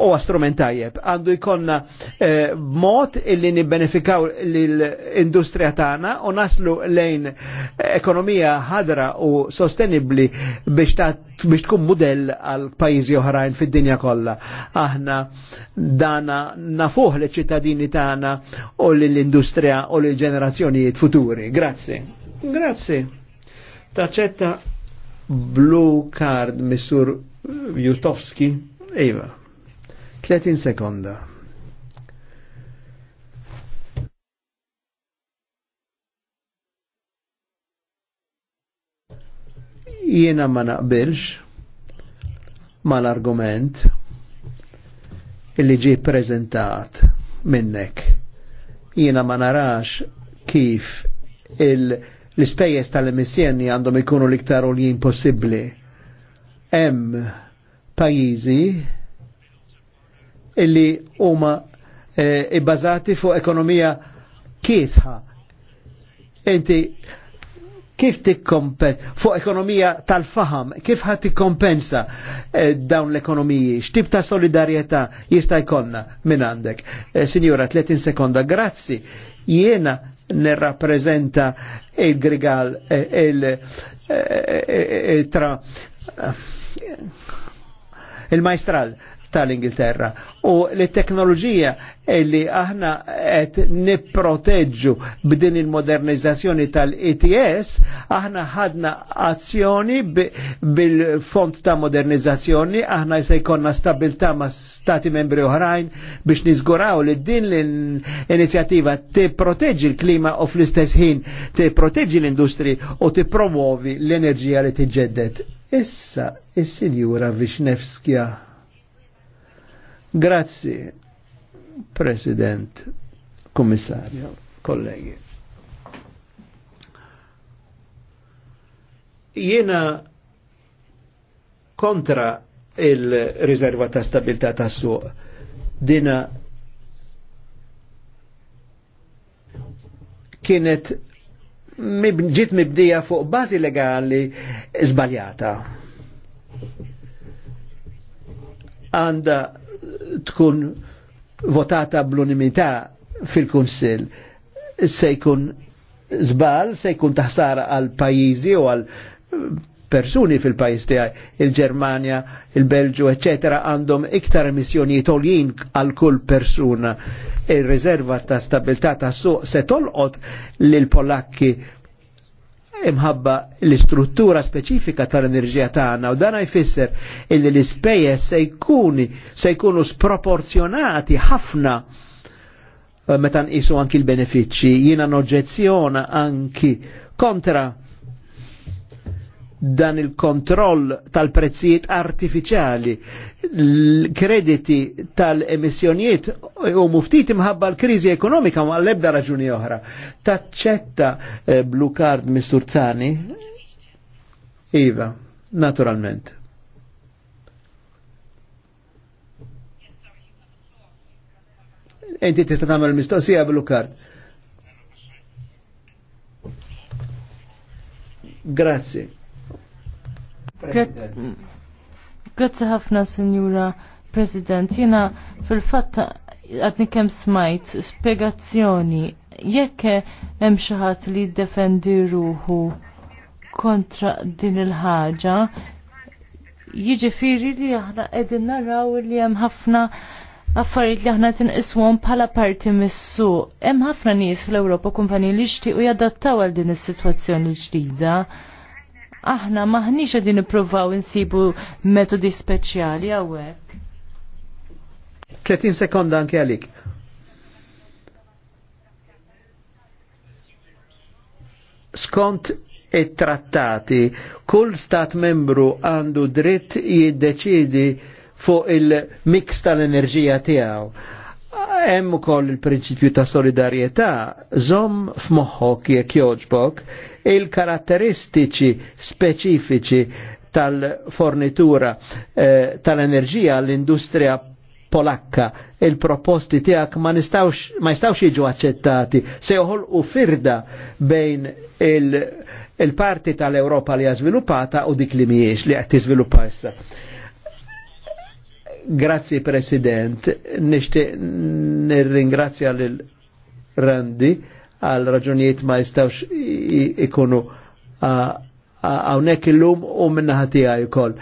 u strument tajjeb. Għandu jkollna eh, mod illi nibbenefikaw l-industrija tagħna u naslu lejn ekonomija ħadra u sostenibli biex biex tkun mudell għal pajjiżi oħrajn fid-dinja kollha. Aħna dana nafuh l ċittadini tagħna u l-industrija u l-ġenerazzjonijiet futuri. Grazzi. Grazzi. Taċċetta blue card missur Jutowski. Iva, 30 sekonda. Jiena ma naqbilx mal-argument illi ġi prezentat minnek. Jiena ma narax kif l-ispejjeż tal emissjeni għandhom ikunu l-iktar u l-jien Hemm pajizi illi huma eh, ibbażati fuq ekonomija kiesħa. Inti kif tikkompensa fuq ekonomija tal-faham, kif ħad tikkompensa eh, dawn l-ekonomiji, x'tib ta' solidarjetà jista' jkollna minn għandek. Eh, Sinjura, 30 sekonda, grazzi. Jiena nirrappreżenta il-grigal il-tra il, il, il, il-majstral tal-Ingilterra u li teknoloġija li aħna qed nipproteġġu b'din il-modernizzazzjoni tal-ETS aħna ħadna azzjoni bil-font ta' modernizzazzjoni aħna se jkollna stabilta' ma' stati membri oħrajn biex niżguraw li din l-inizjattiva tipproteġġi l-klima u fl-istess ħin tipproteġġi l-industri u tippromuovi l-enerġija li tiġġedded. Issa, il sinjura Vishnevskja. Grazzi, President, Kommissarju, kollegi. Jena kontra il-riserva ta' stabilità ta' su dina kienet ġiet mibdija fuq bażi legali żbaljata. Għanda tkun votata bl-unimità fil-Kunsill se jkun zbal, se jkun taħsara għal pajjiżi u għal persuni fil-pajis tiegħi, il-Ġermanja, il-Belġu, eċetera, għandhom iktar emissjonijiet oljin għal kull persuna. Ir-riserva ta' stabilità ta' suq se tolqot lil Polakki imħabba l-istruttura speċifika tal-enerġija tagħna u dan jfisser illi l-ispejjeż se jkuni se jkunu sproporzjonati ħafna eh, meta nqisu anki l-benefiċċji. Jiena noġġezzjona anki kontra dan il-kontroll tal-prezzijiet artificiali, l-krediti tal-emissjonijiet u muftit imħabba l-krizi ekonomika ma l-ebda raġuni oħra. Taċċetta eh, blue card misturzani? Iva, naturalment. Enti tista tagħmel mistoqsija blue card. Grazie Grazzi ħafna, Sinjura President. Jena fil-fatt għadni kem smajt spiegazzjoni jekk hemm xi ħadd li jiddefendi ruħu kontra din il-ħaġa, jiġifieri li aħna qegħdin naraw li hemm ħafna affarijiet li aħna tinqiswhom bħala parti mis-suq. Hemm ħafna nies fl-Ewropa kumpani li jixtiequ jadattaw għal din is-sitwazzjoni ġdida. Aħna maħniċ għedin niprofaw insibu metodi speċjali għawek. 30 sekonda anke għalik. Skont it-trattati, kull stat membru għandu dritt jiddeċidi fuq il-mix tal-enerġija tiegħu Hemm ukoll il-prinċipju ta' solidarjetà żomm f'moħħok jekk jogħġbok il-karatteristiċi speċifiċi tal-fornitura eh, tal-enerġija l-industrija polakka il-proposti tiegħek ma nistawx ma jistawx jiġu aċċettati se joħolqu firda bejn il-parti il tal europa li ha sviluppata u dik li mhijiex li qed tiżviluppa issa. Grazzi President, nishti nirringrazzja lil Randi għal raġunijiet ma jistawx ikunu għawnek il-lum u minnaħati għaj ukoll.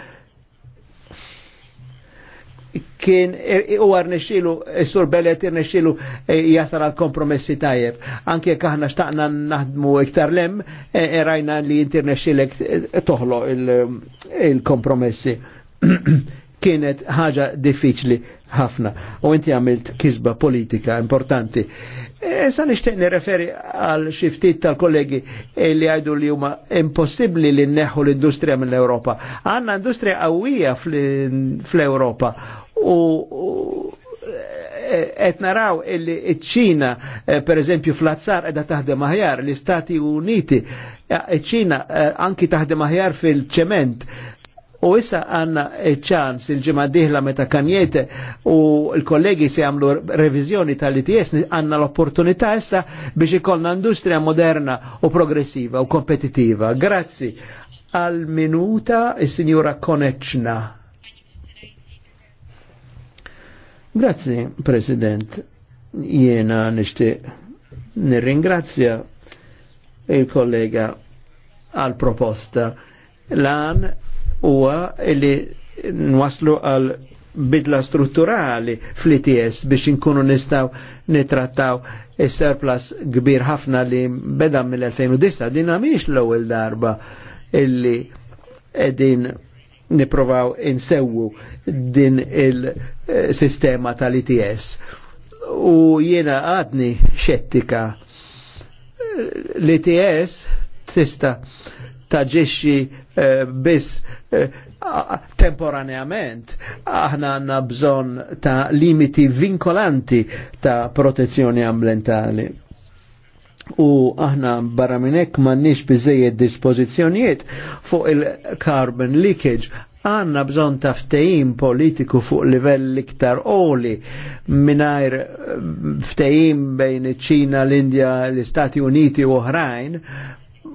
Kien e, e, u għar nexilu, e, sur belet nixilu jasal għal kompromessi tajjeb. Anke kħahna xtaqna naħdmu iktar lem, rajna li jintir nixilek toħlo il-kompromessi. kienet ħaġa diffiċli ħafna u inti għamilt kisba politika importanti. Issa e, nixtieq nirreferi għal xiftit tal-kollegi li għajdu li huma impossibbli li nneħħu l-industrija mill-Ewropa. Għandna industrija qawwija fl-Ewropa u e, qed naraw il-ċina e, pereżempju fl-azzar qiegħda taħdem aħjar, l-Istati Uniti ċina anki taħdem aħjar fil-ċement U issa għanna ċans il-ġimma diħla meta kanjete u l-kollegi se għamlu revizjoni tal-ITS għanna l-opportunità issa biex ikollna industrija moderna u progressiva u kompetitiva. Grazzi għal-minuta il-Sinjura Koneċna. Grazzi, President. Jena nishti nirringrazzja il-kollega għal-proposta. Lan huwa li nwaslu għal bidla strutturali fl-ITS biex inkunu nistaw nitrattaw il-surplus kbir ħafna li beda mill-2009 din għamiex l-ewwel darba illi edin niprovaw insewu din il-sistema tal-ITS. U jiena għadni xettika l-ITS tista' taġiexi eh, biss temporanjament eh, temporaneament, aħna għanna bżon ta' limiti vinkolanti ta' protezzjoni ambientali. U aħna barra minnek mannix bizzejed dispozizjonijiet fuq il-carbon leakage għanna bżon taftejim politiku fuq livell iktar oli minnajr eh, ftejim bejn ċina, l-Indja, l-Istati Uniti u oħrajn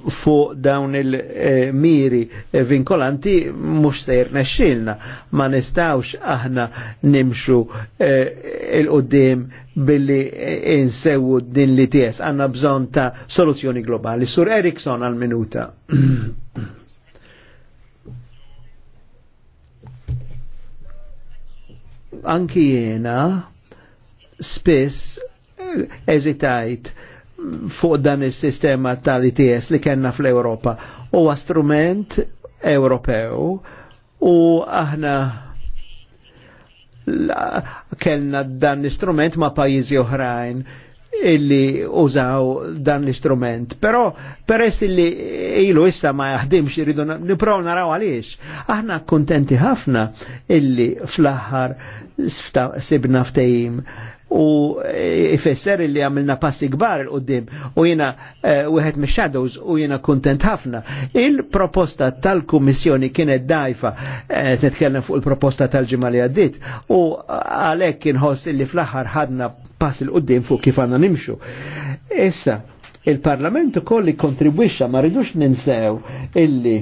fuq dawn il-miri vinkolanti mux sejr nexxilna ma nistawx aħna nimxu eh, il-qoddim billi eh, insewu din li ties għanna bżon ta' soluzzjoni globali. Sur Eriksson għal-minuta. Anki jena spess eh, eżitajt eh, fuq dan il-sistema tal-ITS li kena fl-Europa. Huwa strument Ewropew u aħna kellna dan l-istrument ma' pajjiżi oħrajn illi użaw dan l-istrument. Però peress illi ilu issa ma jaħdimx iridu niprofaw naraw għaliex. Aħna kontenti ħafna illi fl-aħħar sibna ftehim u eh, ifisser li għamilna passi gbar il-qoddim u jena eh, wieħed me shadows u jena kontent ħafna. Il-proposta tal-Kummissjoni kienet dajfa, netkellem eh, fuq il-proposta tal-ġimma li għaddit u għalhekk kienħoss li fl-aħħar ħadna pass il-qoddim fuq kif għanna nimxu. Issa, il-Parlament ukoll kontribwixxa ma rridux ninsew illi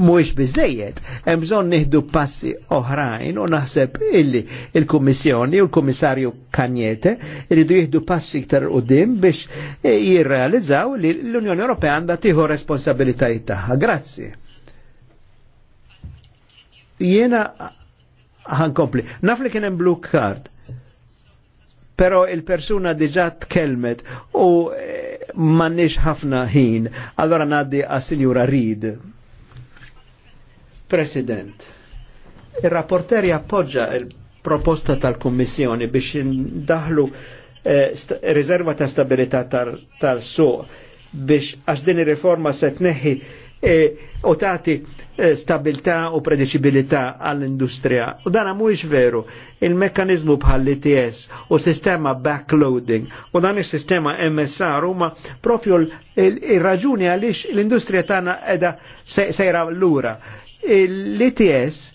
mhuwiex biżejjed, hemm bżonn nieħdu passi oħrajn u naħseb illi il-Kummissjoni u l-Kummissarju Kanjete iridu jieħdu passi iktar dim biex jirrealizzaw li l-Unjoni Ewropea għandha tieħu responsabilitajiet tagħha. Grazzi. Jiena ħankompli. Naf li kien hemm blue card pero il-persuna diġa tkellmet u eh, mannix ħafna ħin. Allora naddi għas-Sinjura Reed. President, il-rapporter jappoġġa il-proposta tal-Kommissjoni biex indaħlu rizerva eh, riserva ta' stabilità tal-suq biex għax din ir-riforma se tneħħi eh, u tagħti eh, stabilità u prediċibilità għall-industrija. U dan mhuwiex veru, il-mekkaniżmu bħal its u sistema backloading u dan is-sistema MSR huma propju l raġuni għaliex l-industrija tagħna qiegħda sejra se lura L-ITS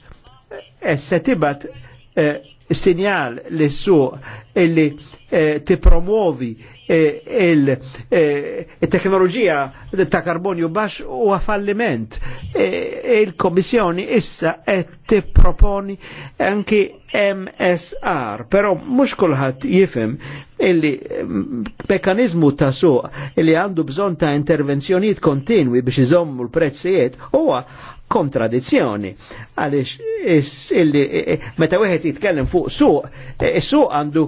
eh, se tibat eh, sinjal li su illi eh, tipromuovi il-teknoloġija ta' karbonju bax u falliment. Il-Komissjoni issa ti proponi anki MSR, però mhux kulħadd jifhem illi mm, mekanizmu ta' suq illi għandu bżon ta' intervenzjonijiet kontinwi biex iżommu l-prezzijiet huwa kontradizzjoni. Għalix, meta wieħed jitkellem fuq suq, is-suq għandu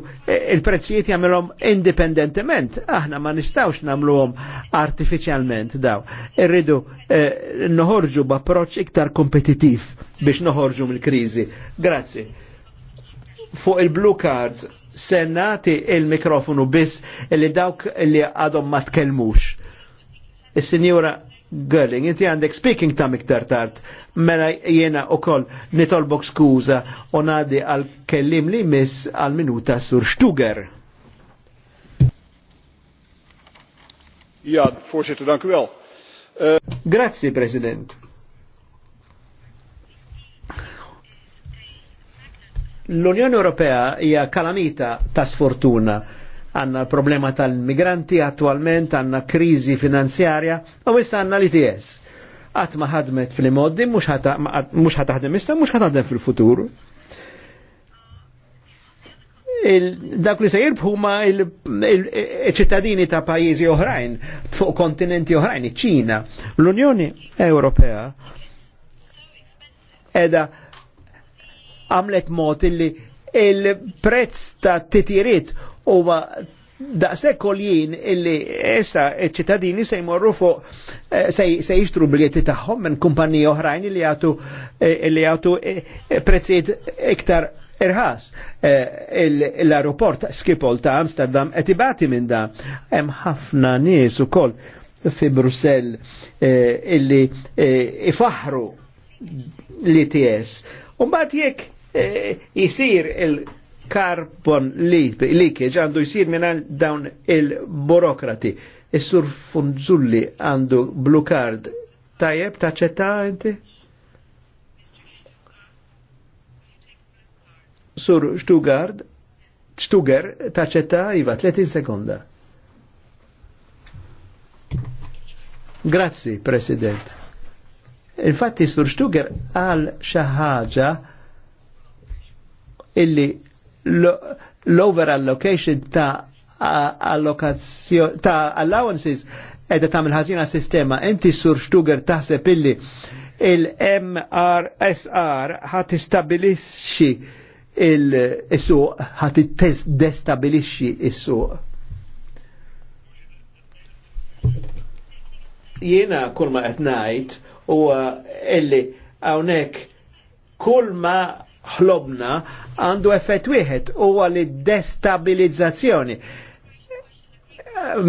il-prezzijiet jagħmilhom indipendentement, aħna ma nistgħux nagħmluhom artifiċjalment daw. Irridu e, noħorġu b'approċċ iktar kompetitiv biex noħorġu mill-kriżi. Grazzi. Fuq il-blue cards sennati il-mikrofonu biss li dawk li għadhom ma tkellmux. Is-sinjura Gerling, inti għandek speaking ta' miktar tard, mela jena u koll nitolbok skuza u nadi għal kellim li mis għal minuta sur Stuger. Ja, voorzitter, dank u wel. Eh, Grazie, president. L-Unjoni Ewropea hija kalamita ta' sfortuna għanna problema tal-migranti attualment, għanna krizi finanzjarja, u issa għanna l-ITS. Għat ma ħadmet fil-moddi, mux ħataħdem issa, mux ħataħdem fil-futur. Dak li se huma il-ċittadini ta' pajizi oħrajn, fuq kontinenti oħrajn, ċina. L-Unjoni Ewropea edha għamlet mod illi il-prezz ta' titirit huma daqshekk koljien illi issa ċittadini se jmorru fuq eh, se jishtru biljetti tagħhom minn kumpaniji oħrajn li jagħtu eh, li jagħtu eh, prezzijiet iktar irħas l-aeroport Skipol ta' Amsterdam qed ibati minn da hemm ħafna nies ukoll fi Brussell illi ifaħru l-ITS. Umbat jekk jisir il- carbon leakage għandu jisir minn dawn il-burokrati. Is-sur Funzulli għandu blue card. Tajjeb, taċċetta inti? Sur Stuttgart, Stuger, taċċetta, iva, 30 sekonda. Grazzi, President. Infatti, Sur Stuger għal xaħġa illi l-over allocation ta' ta' allowances edha tamil ħazina sistema. Inti sur Stuger taħseb illi il-MRSR ħat istabilixxi il su ħat destabilisċi il su Jiena kulma etnajt u illi għonek kulma ħlobna għandu effett wieħed huwa li destabilizzazzjoni.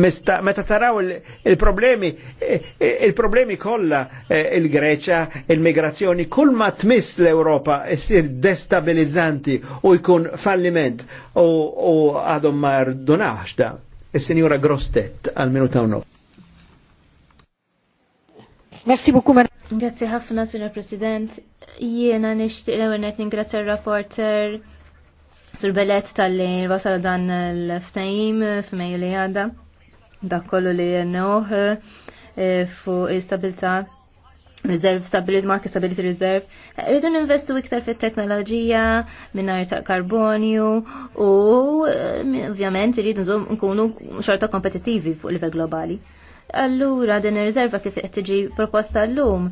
Meta taraw il-problemi, il-problemi kollha eh, il-Greċa, il-migrazzjoni, kull ma tmiss l-Ewropa jsir destabilizzanti u jkun falliment u għadhom ma rdunax da. il senjura Grostet għal-minuta unu. Merci beaucoup, Grazie ħafna, Signor President. Jiena nixtieq l-ewwel ningrazzja r-rapporter Sur Belet tal-li wasal dan l-ftajim f'Mejju li għada, dak kollu li jennuħ eh, fu stabilta Reserve Stability, Market Stability Reserve. Eh, rridu investu iktar fit teknoloġija minnar ta' karbonju u eh, ovvjament rridu nkunu xorta kompetittivi fuq livell globali. Allura din ir-riserva kif qed tiġi proposta llum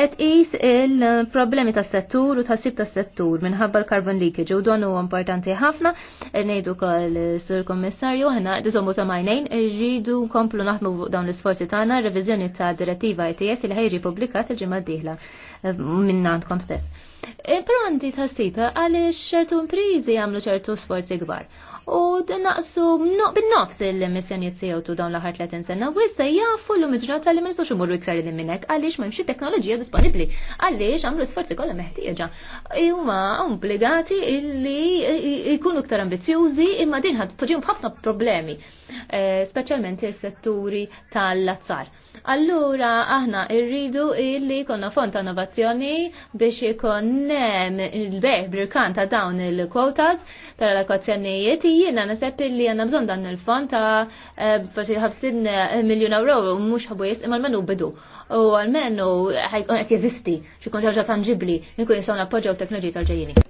et is il-problemi tas settur u tħassib tas settur minħabba l-carbon leakage u donu importanti ħafna nejdu kol sur kommissarju ħna dizomu ta' majnejn ġidu komplu naħmu dawn l-sforzi tagħna revizjoni ta' direttiva ITS e li ħejġi publikat il-ġimgħa d-dieħla eh, minn għandkom stess. Eh, però għandi tħassib għaliex ċertu imprizi għamlu ċertu sforzi kbar u naqsu bin-nofs il-missjonijiet co dawn l-aħħar 30 sena u issa jafu l ġrata li m'instux imorru iktar li minnek għaliex jimxie teknoloġija disponibbli għaliex għamlu sforzi kollha meħtieġa. Huma obbligati illi jkunu iktar ambizzjużi imma din ħadd toġihom ħafna problemi, eh, speċjalment il setturi tal-azzar. Allura aħna irridu illi konna font innovazzjoni biex ikon nem il-beħ brikanta dawn il-quotas tal-allokazzjonijiet jiena naseb li għandna bżonn dan il-fond ta' eh, forsi ħabsin eh, miljun euro mhux ħabu jis imma l-menu bidu. U għal-menu ħajkun qed jeżisti xikun ġarġa tanġibli nkun jistgħu nappoġġjaw teknoloġiji tal-ġejjini.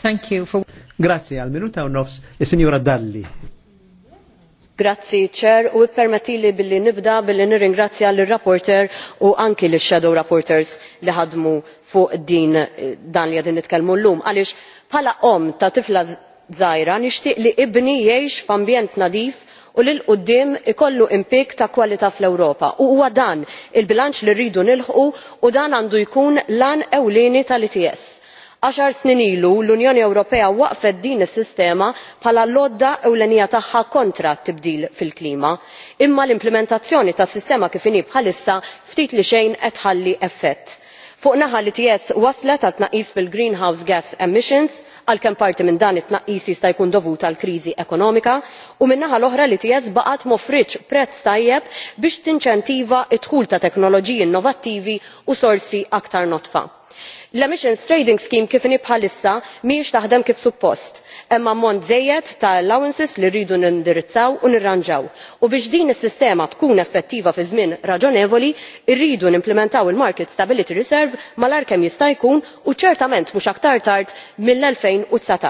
Thank you for Grazie għal minuta u nofs, il-Sinjura Dalli. Grazzi Chair u ippermettili billi nibda billi nirringrazzja lir rapporter u anki lix shadow rapporters li ħadmu fuq din dan li qegħdin nitkellmu llum għaliex bħala om ta' tifla żgħira nixtieq li ibni jgħix f'ambjent nadif u li l quddiem ikollu impik ta' kwalità fl-Ewropa u huwa dan il-bilanċ li rridu nilħqu u dan għandu jkun lan ewlieni tal its għaxar snin ilu l-unjoni ewropea waqqfet din is-sistema bħala l-għodda ewlenija tagħha kontra t-tibdil fil-klima imma l-implementazzjoni tas-sistema kif inhi bħalissa ftit li xejn qed tħalli effett. fuq naħa li ets waslet għal tnaqqis fil greenhouse gas emissions għalkemm parti minn dan it-tnaqqis jista' jkun dovut għal kriżi ekonomika u min-naħa l-oħra li ets baqgħet m'offritx prezz tajjeb biex tinċentiva d dħul ta' teknoloġiji innovattivi u sorsi aktar notfa l-emissions trading scheme kif inhi bħalissa mhijiex taħdem kif suppost hemm ammont żejjed ta' allowances li rridu nindirizzaw u nirranġaw u biex din is-sistema tkun effettiva fi żmien raġonevoli rridu nimplementaw il market stability reserve malajr kemm jista' jkun u ċertament mhux aktar tard mill. two thousand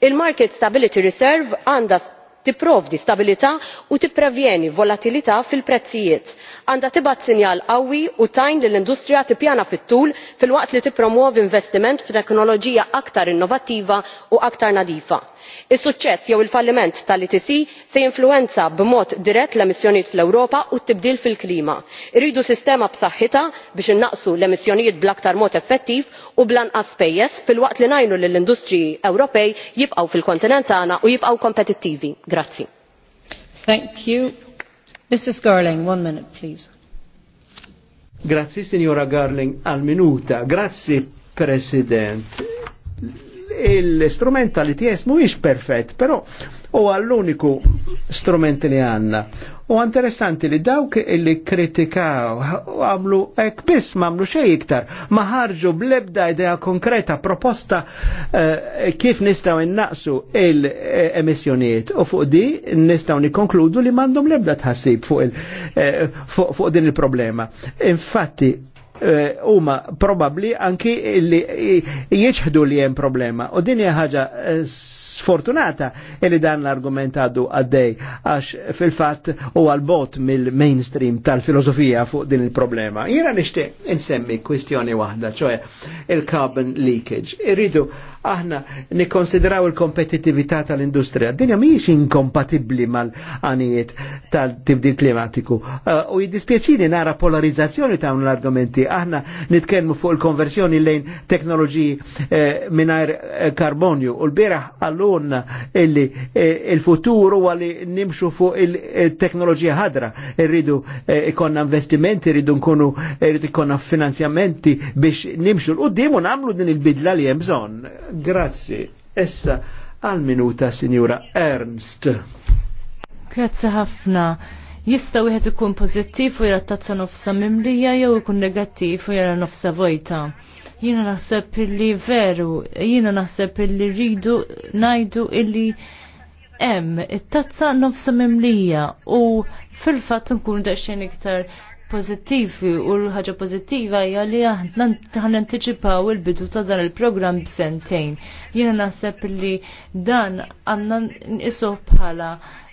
and il market stability reserve għandha tipprovdi stabbiltà u tipprevjeni volatilità fil prezzijiet għandha tibgħat sinjal qawwi u tgħin lill-industrija tippjana fit tul filwaqt li tippromuovi investiment f'teknoloġija aktar innovattiva u aktar nadifa. is suċċess jew il falliment tal itc se jinfluwenza b'mod dirett l-emissjonijiet fl ewropa u t-tibdil fil-klima. irridu sistema b'saħħitha biex innaqsu l-emissjonijiet bl-aktar mod effettiv u bl-anqas pejjeż filwaqt li ngħinu lill industriji ewropej jibqgħu fil kontinent tagħna u jibqgħu kompetittivi. Grazzi. Thank you. Mrs. Garling, one minute, please. Grazzi, signora Garling, al minuta. grazie President. Il-strument tal-ITS mhuwiex perfett, però u għall-uniku strumenti li għanna. U interessanti li dawk illi kritikaw għamlu ek biss ma għamlu xej iktar, ma ħarġu blebda idea konkreta proposta eh, kif nistaw innaqsu il-emissjoniet u fuq di nistaw nikonkludu li mandom lebda tħassib fuq, il, eh, fuq, fuq din il-problema. Infatti, Eh, huma probabli probabbli anki li jieċħdu li hemm problema. U din ħaġa eh, sfortunata li dan l-argument għaddu għaddej għax fil-fatt u għal bot mill-mainstream tal-filosofija fuq din il-problema. Jira nixtieq insemmi kwistjoni waħda, ċoħe il-carbon leakage. Irridu aħna nikonsidraw il-kompetitività tal-industrija. Dinja mhijiex inkompatibbli mal-għanijiet tal-tibdil klimatiku. Eh, u jiddispjaċini nara polarizzazzjoni ta' l-argumenti aħna nitkellmu fuq il-konversjoni lejn teknoloġiji eh, mingħajr eh, karbonju. U l-biraħ għallunna illi eh, il-futur huwa li nimxu fuq il-teknoloġija ħadra. Irridu ikonna investimenti, irridu nkunu, irridu ikonna finanzjamenti biex nimxu l-qoddim u namlu din il-bidla li hemm bżonn. Grazzi. Essa għal minuta, Sinjura Ernst. Grazzi ħafna jista' wieħed ikun pożittiv u jara tazza nofsa mimlija jew ikun negattiv u jara nofsa vojta. Jiena naħseb illi veru, jiena naħseb illi rridu najdu illi hemm it-tazza nofsa mimlija u fil-fatt nkunu daqsxejn iktar pozittivi u l-ħagġa pozittiva hija li aħna anticipaw il-bidu ta' dan il-programm b'sentejn. Jiena naħseb li dan għandna nqisu bħala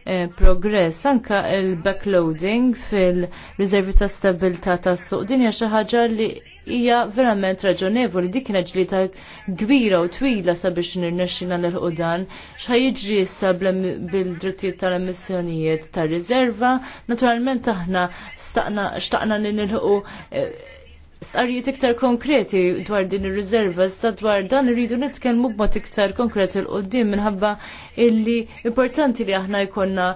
Eh, progress. Anka il-backloading fil-rizervi ta' stabilta ta' suq din hija xi ħaġa li hija verament raġonevoli dik kienet ġlita kbira u twila sabiex nirnexxina l dan xa jiġri issa bil-drittijiet tal-emissjonijiet tar-riserva. Naturalment aħna staqna xtaqna li nilħu eh, stqarrijiet iktar konkreti dwar din ir-riserva sta dwar dan rridu nitkellmu b'mod iktar konkreti l qoddim minħabba illi importanti li aħna jkollna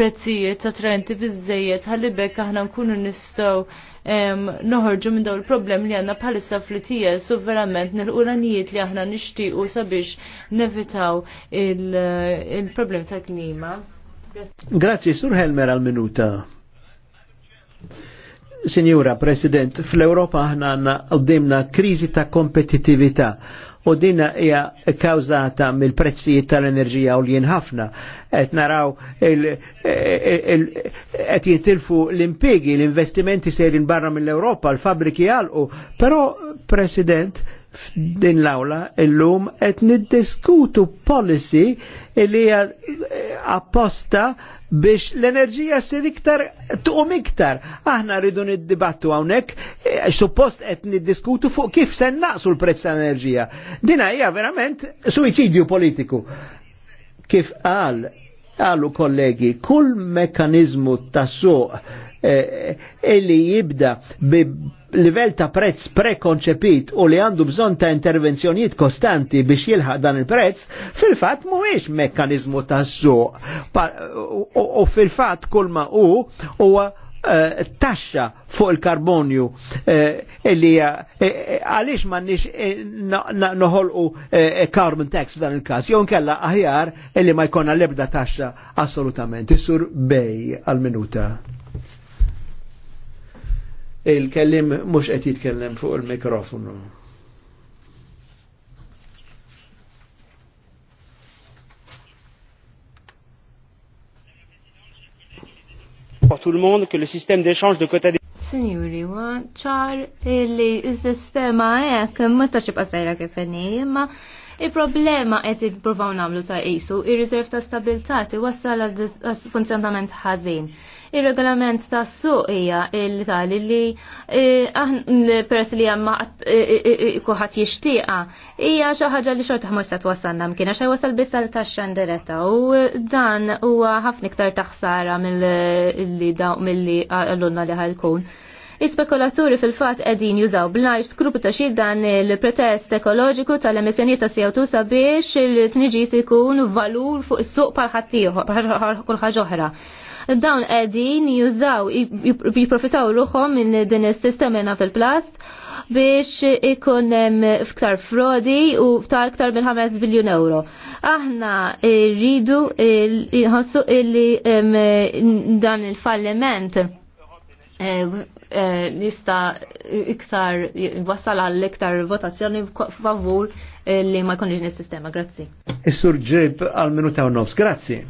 prezzijiet ta' trenti biżejjed ħalli bekk aħna nkunu nistgħu noħorġu minn dawn il-problemi li għandna bħalissa flitija su verament nil-quranijiet li aħna nixtiequ sabiex nevitaw il-problemi tal-klima. Grazzi, Sur Helmer għal-minuta. Signora President, fl-Europa ħna għanna għoddimna krizi ta' kompetitività u dinna hija kawzata mill-prezzijiet tal-enerġija u l-jien ħafna. Et naraw qed jitilfu l-impiegi, l-investimenti sejrin barra mill-Europa, l-fabriki għalqu, però President, f'din l-awla illum qed niddiskutu policy li hija eh, apposta biex l-enerġija sir iktar tuqum iktar. Aħna rridu niddibattu hawnhekk eh, suppost qed niddiskutu fuq kif se naqsu l-prezz tal-enerġija. Dina hija verament suicidju politiku. Kif qal Għallu kollegi, kull mekanizmu ta' suq eh, eh jibda bi livell ta' prezz prekonċepit u li għandu bżon ta' intervenzjonijiet kostanti biex jilħaq dan il-prezz, fil-fat mhuwiex mekkanizmu ta' suq u fil-fat kull ma' u u Eh, taxxa fuq il-karbonju eh, illi eh, għaliex nix noħolqu carbon tax f'dan il-każ. Jew nkella aħjar li ma jkollna l-ebda taxxa assolutament. Isur bej għal-minuta. Il-kellim mhux qed jitkellem fuq il-mikrofonu. pour tout le monde que le système d'échange de quotas Sinjuri, Signori, ċar li s-sistema ek musta ċibqa sajra kifeni, imma il-problema il ippruvaw nagħmlu ta' jisu, il riserv ta' stabilitati wassal għal funzjonament ħazin. Il-regolament ta' suq hija il-tali li peress li hemm kuħat jixtieqa hija xi ħaġa li xorta ħmur se twassalna mkien għax wasal biss ta' taxxan diretta u dan huwa ħafna iktar taħsara mill-li daw mill-li għallunna li ħalkun. Ispekulaturi fil-fat edin jużaw bl skrupu ta' dan il-pretest ekoloġiku tal-emissjoniet ta' CO2 sabiex il-tniġis ikun valur fuq is-suq bħal ħaddieħor bħal kull dawn qegħdin jużaw jipprofitaw ruħom minn din is-sistema fil-plast biex ikun fktar frodi u ta' iktar minn 5 biljun euro. Aħna rridu ħossu illi dan il-falliment nista' e, e, iktar wassal għall iktar votazzjoni favur eh, li ma jkunx sistema. Grazzi. Is-sur ġib għal minuta u nofs. Grazzi.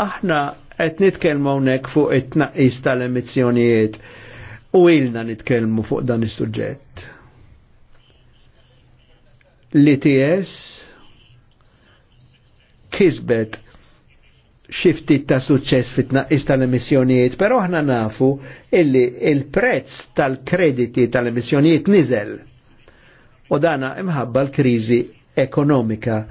Aħna qed nitkellmu hawnhekk fuq it-tnaqqis tal-emissjonijiet u ilna nitkellmu fuq dan is-suġġett. L-ITS kisbet xifti ta' suċċess fit tnaqqis tal-emissjonijiet, però aħna nafu illi il-prezz tal-krediti tal-emissjonijiet niżel. U dana imħabba l-kriżi ekonomika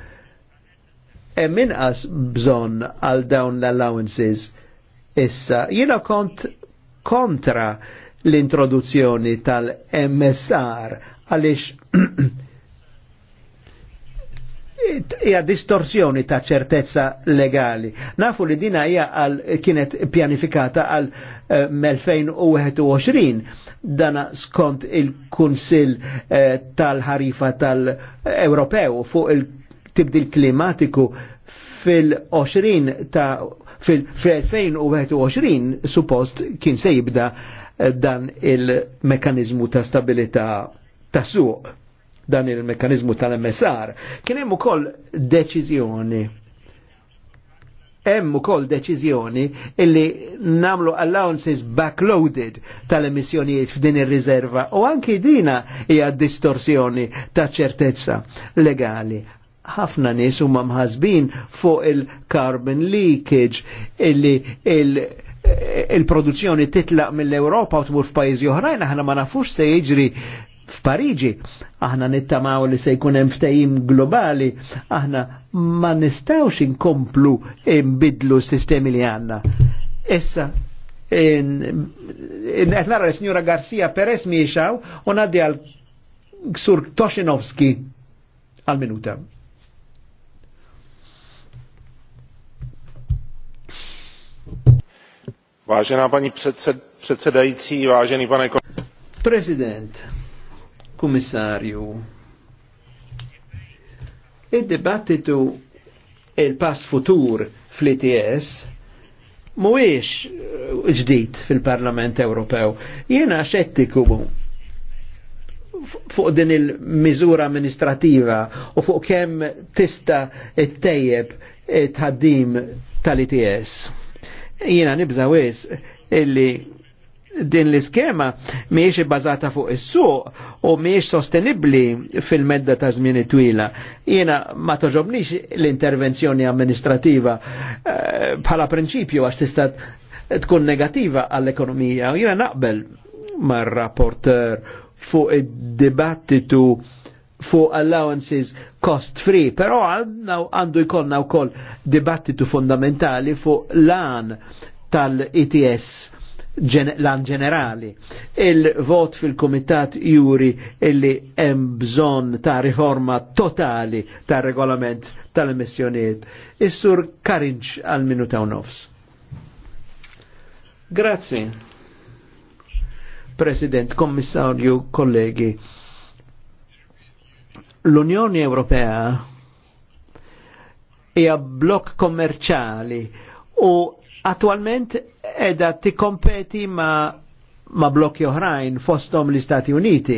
hemm as bżonn għal dawn l-allowances issa. Jiena kont kontra l-introduzzjoni tal-MSR għaliex hija distorsjoni ta' ċertezza legali. Nafu li dina hija għal kienet pjanifikata għal 2021 eh, dana skont il-Kunsill eh, tal-ħarifa tal-Ewropew fuq il tibdil klimatiku fil-20 ta' fil-2021 suppost kien se jibda eh, dan il-mekanizmu ta' stabilità ta' suq, dan il-mekanizmu tal-MSR. Kien hemm ukoll deċiżjoni hemm ukoll deċiżjoni illi namlu allowances backloaded tal-emissjonijiet f'din ir-riserva u anki dina hija distorsjoni ta' ċertezza legali ħafna nies huma mħażbin fuq il-carbon leakage illi il il-produzzjoni titlaq mill ewropa u tmur f'pajjiżi oħrajn aħna ma nafux se jiġri f'Pariġi. Aħna nittamaw li se jkun hemm ftehim globali, aħna ma nistgħux inkomplu nbidlu s-sistemi li għandna. Issa qed nara l-Sinjura Garcia Perez miexaw u ngħaddi għal Ksur Toshinovski għal minuta. Vážená paní předsed, předsedající, vážený pane Prezident, kummissarju, id-dibattitu il-pass futur fl-ITS muwiex uh, ġdid fil-Parlament Ewropew. Jiena xettiku fuq din il mizura amministrativa u fuq kemm tista' ttejjeb it-ħaddim tal-ITS Jiena nibża wis illi din l-iskema miex bazata fuq is-suq u miex sostenibbli fil-medda ta' żmien twila. Jiena ma toġobnix l-intervenzjoni amministrativa eh, bħala prinċipju għax tista' tkun negativa għall-ekonomija. Jiena naqbel mar-rapporter fuq id-dibattitu fuq allowances cost free, però għandu jkollna wkoll dibattitu fondamentali fuq lan tal-ETS gen lan ġenerali. Il-vot fil-komitat juri illi hemm bżonn ta' riforma totali ta' regolament tal-emissjonijiet. Is-sur Karinċ għal minuta u nofs. Grazzi. President, Kommissarju, kollegi L-Unjoni Ewropea hija blok kommerċali u attualment edha tikkompeti ma, ma blokki oħrajn fostom l-Istati Uniti.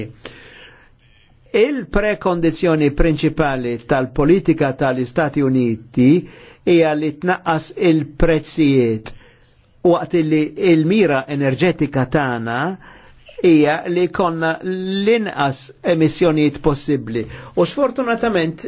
Il-prekondizjoni principali tal-politika tal-Istati Uniti hija li tnaqqas il-prezzijiet waqt il-mira enerġetika tagħna hija li konna l-inqas emissjonijiet possibbli. U sfortunatament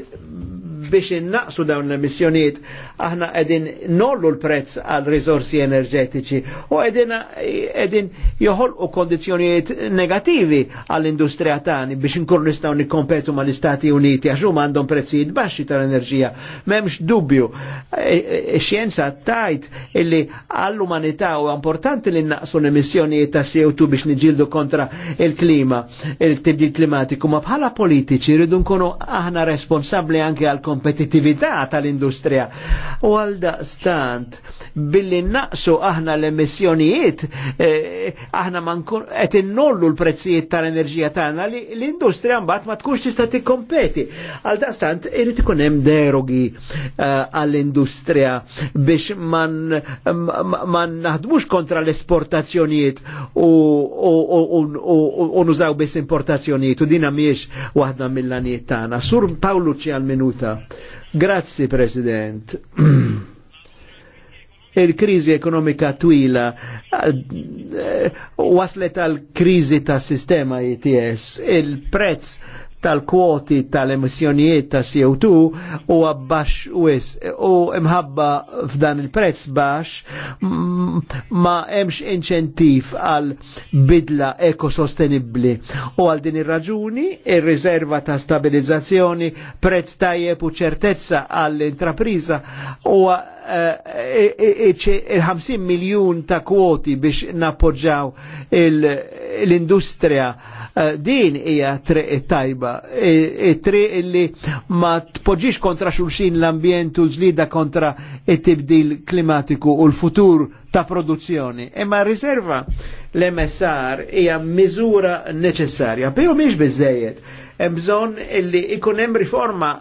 biex innaqsu dawn l-emissjonijiet aħna qegħdin nollu l-prezz għal risorsi enerġetiċi u qegħdin joħolqu kondizzjonijiet negativi għall-industrija tani biex inkunu nistgħu nikkompetu mal-Istati Uniti għax huma għandhom prezzijiet baxxi tal-enerġija. M'hemmx dubju, e, e, e, xjenza tajt illi għall-umanità u importanti li naqsu l-emissjonijiet ta' CO2 biex niġildu kontra il-klima, il-tibdil klimatiku, ma bħala politiċi rridu nkunu aħna responsabbli anke għal kompetitività tal-industrija. U għal daqstant, billi naqsu aħna l-emissjonijiet, eh, aħna mankun qed innollu l-prezzijiet tal-enerġija tagħna li l-industrija mbagħad ma tkunx tista' tikkompeti. Għal daqstant irid ikun hemm derogi eh, għall-industrija uh, biex man, man naħdmux kontra l-esportazzjonijiet u nużaw biss importazzjonijiet u dinha miex waħda mill-għaniet tagħna. Sur Paolo għal minuta. Grazzi, President. il-krizi ekonomika twila eh, waslet għal krizi ta' sistema ITS. E Il-prezz tal-kwoti tal-emissjonijiet ta' CO2 u għabbax u u imħabba f'dan il-prezz bax ma hemmx inċentiv għal bidla ekosostenibbli u għal din ir-raġuni ir-riserva ta' stabilizzazzjoni prezz tajjeb u ċertezza għall-intrapriża u eh, il-50 miljun ta' kwoti biex nappoġġaw l-industrija Eh, din hija triq tajba, triq illi ma tpoġġix kontra xulxin l-ambjent u l-ġlida kontra it-tibdil klimatiku u l-futur ta' produzzjoni. Imma riserva l-MSR hija miżura neċessarja, però mhix biżejjed. Hemm bżonn illi ikun hemm riforma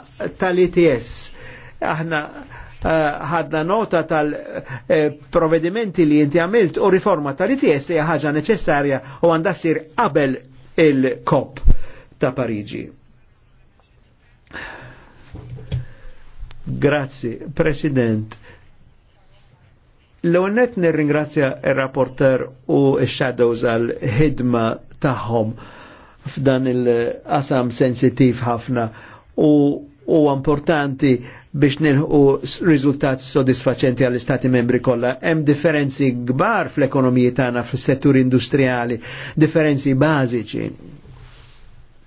tal-ITS. Aħna eh, ħadna uh, nota tal eh, provvedimenti uh, li inti għamilt u riforma tal-ITS hija ħaġa neċessarja u għandha sir qabel il kop ta' Parigi. Grazzi, President. L-għonet nir-ringrazzja il-rapporter u il-shadows għal-ħidma taħħom f'dan il-qasam sensitiv ħafna u, u importanti biex nilħu rizultat soddisfaċenti għall istati membri kollha. Hemm differenzi kbar fl-ekonomiji tagħna fis-settur industrijali, differenzi bażiċi.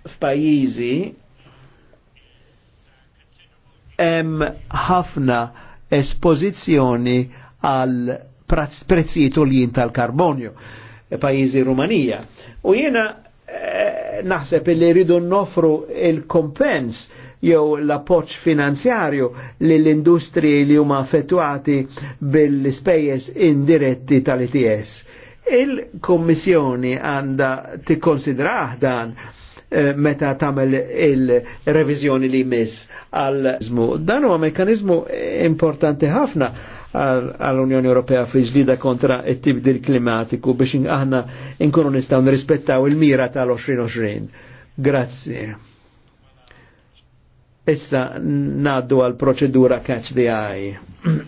F'pajjiżi hemm ħafna espożizzjoni għal prezzijiet uljin tal-karbonju pajjiżi Rumanija. U jiena eh, naħseb illi rridu noffru il-kompens il-kompens jew l-appoċ finanzjarju lill-industriji li huma affettwati bil-spejjeż indiretti tal-ITS. Il-Kommissjoni għanda tikkonsidraħ dan eh, meta tamel il-revizjoni li miss għal dan huwa mekkanizmu importanti ħafna għall-Unjoni Ewropea fi ġlida kontra it-tibdil klimatiku biex aħna nkunu nistgħu nrispettaw il-mira tal-2020. Grazie. Issa naddu għal proċedura catch the eye.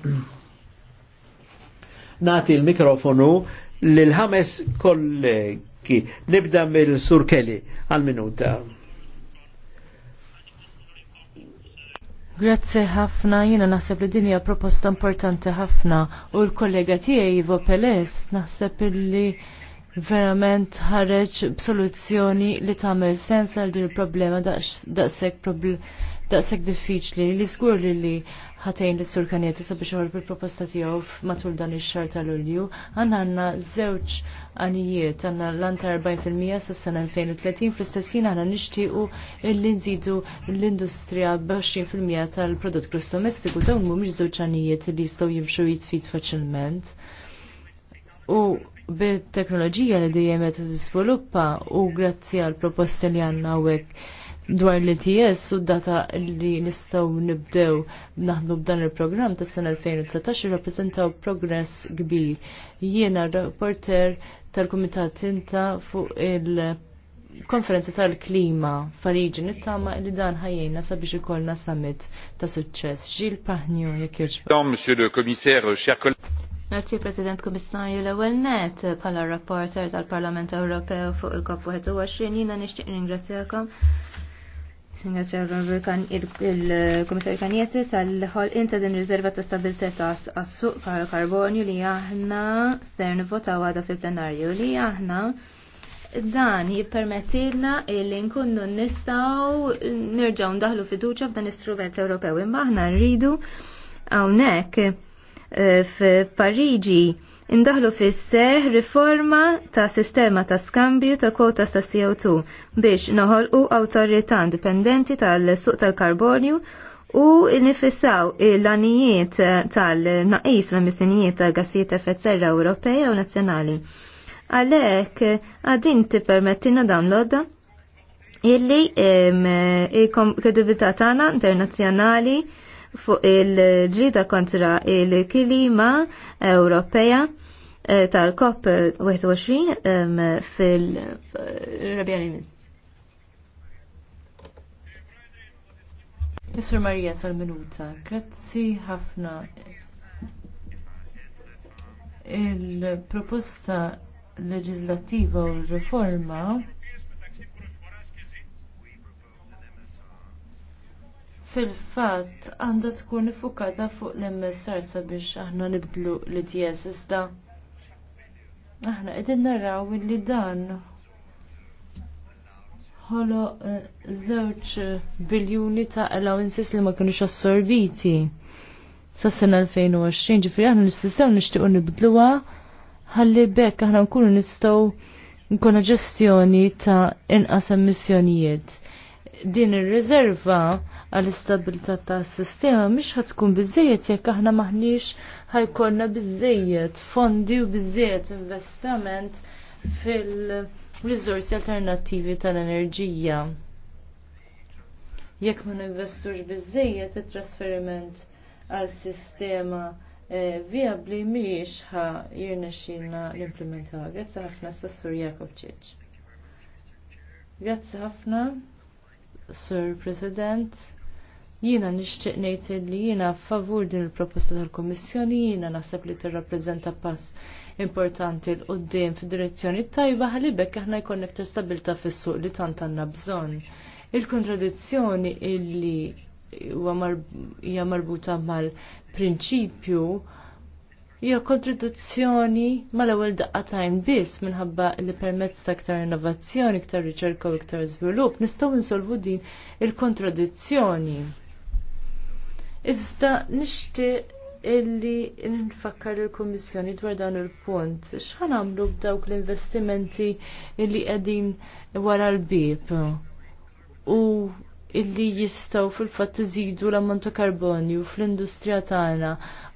Nati l-mikrofonu lil ħames kollegi. Nibda mill-Sur Kelly għal-minuta. Grazie ħafna, jina naħseb li dinja proposta importanti ħafna u l-kollega tiegħi Ivo Peles naħseb li verament ħareġ b'soluzzjoni li tagħmel sens għal din il-problema daqshekk problem daqshekk diffiċli li żgur li li ħatejn li sur kanjeti sabiex ħorb bil proposta tiegħu matul dan ix-xar tal-Ulju. Għandna għanna żewġ għanijiet għandna l-anta 40% sas-sena 2030 fl-istessin għanna nixtiequ li nżidu l-industrija b-20% tal-prodott gross domestiku dawn mhumiex żewġ għanijiet li jistgħu jimxu jitfid faċilment. U bit-teknoloġija li dejjem qed tiżviluppa u grazzi għall proposta li għanna hawnhekk dwar l ts u data li nistaw nibdew naħdmu b'dan il-programm ta' sena 2019 rappresentaw progress kbir. Jiena rapporter tal-Kumitat Tinta fuq il-Konferenza tal-Klima Pariġi nittama li dan ħajjena sabiex ikollna summit ta' suċċess. Gil Paħnju jek Monsieur le Commissaire, President Komissarju l-ewwel net bħala rapporter tal-Parlament Ewropew fuq il-COP21 jiena nixtieq ningrazzjakom Singrazzja il-Komissarju Kanjeti tal-ħol inta din riserva ta' stabilità għas-suq tal karbonju li aħna ser nivota għada fil-plenarju li aħna dan jippermettilna li nkunnu nistaw nirġaw ndaħlu fiduċa f'dan istrument Ewropew imma aħna rridu hawnhekk eh, f'Pariġi indaħlu fis seħ riforma ta' sistema ta' skambju ta' kota ta' CO2 biex noħolqu awtorità indipendenti tal-suq tal-karbonju u nifissaw l-anijiet tal-naqis l-emissinijiet ta' gassijiet effett serra Ewropeja u nazzjonali. Għalek, għadin ti permettina dan l-odda illi kredibilità tagħna internazzjonali fuq il-ġrida kontra il-klima Ewropea eh, tal-COP 21 fil-Rabja Limis. Mr. Marija sal grazzi ħafna. Il-proposta leġislativa u l-reforma fil-fatt għandha tkun ifukata fuq l-MSR sabiex aħna nibdlu l-ITS iżda. Aħna qegħdin naraw li dan ħolo eh, żewġ biljuni ta' allowances li ma kinux assorbiti sa' sena 2020 ġifri aħna nistgħu nixtiequ nibdluha ħalli bekk aħna nkunu nistgħu nkunu ġestjoni ta' inqas emissjonijiet. Din ir-riserva għall-istabilità tas-sistema mhix ħatkun biżejjed jekk aħna maħniex ħajkonna biżejjed fondi u biżejjed investiment fil-riżorsi alternattivi tal-enerġija. Jekk ma ninvestux biżejjed it-trasferiment għal sistema eh, viabli miex ħa jirnexxina l-implementaw. Grazzi ħafna Sassur Jakob Ċieċ. Grazzi ħafna, Sir President. Jiena nixtieq ngħid li jiena favur din il-proposta tal-Kummissjoni, jina naħseb li tirrappreżenta pass importanti l qoddim fid-direzzjoni tajba ħalibek aħna jkun iktar stabilta fis-suq li tant għandna bżonn. Il-kontradizzjoni illi hija marbuta mal-prinċipju hija kontradizzjoni mal-ewwel daqatajn biss minħabba li permezz ta' iktar innovazzjoni, iktar riċerka u iktar żvilupp nistgħu insolvu din il-kontradizzjoni. Iżda nixtieq illi nfakkar il-Komissjoni dwar dan il-punt. X'ħan għamlu b'dawk l-investimenti illi qegħdin wara l-bib? U illi jistaw fil fat iżidu l-ammont ta' karbonju fl-industrija tagħna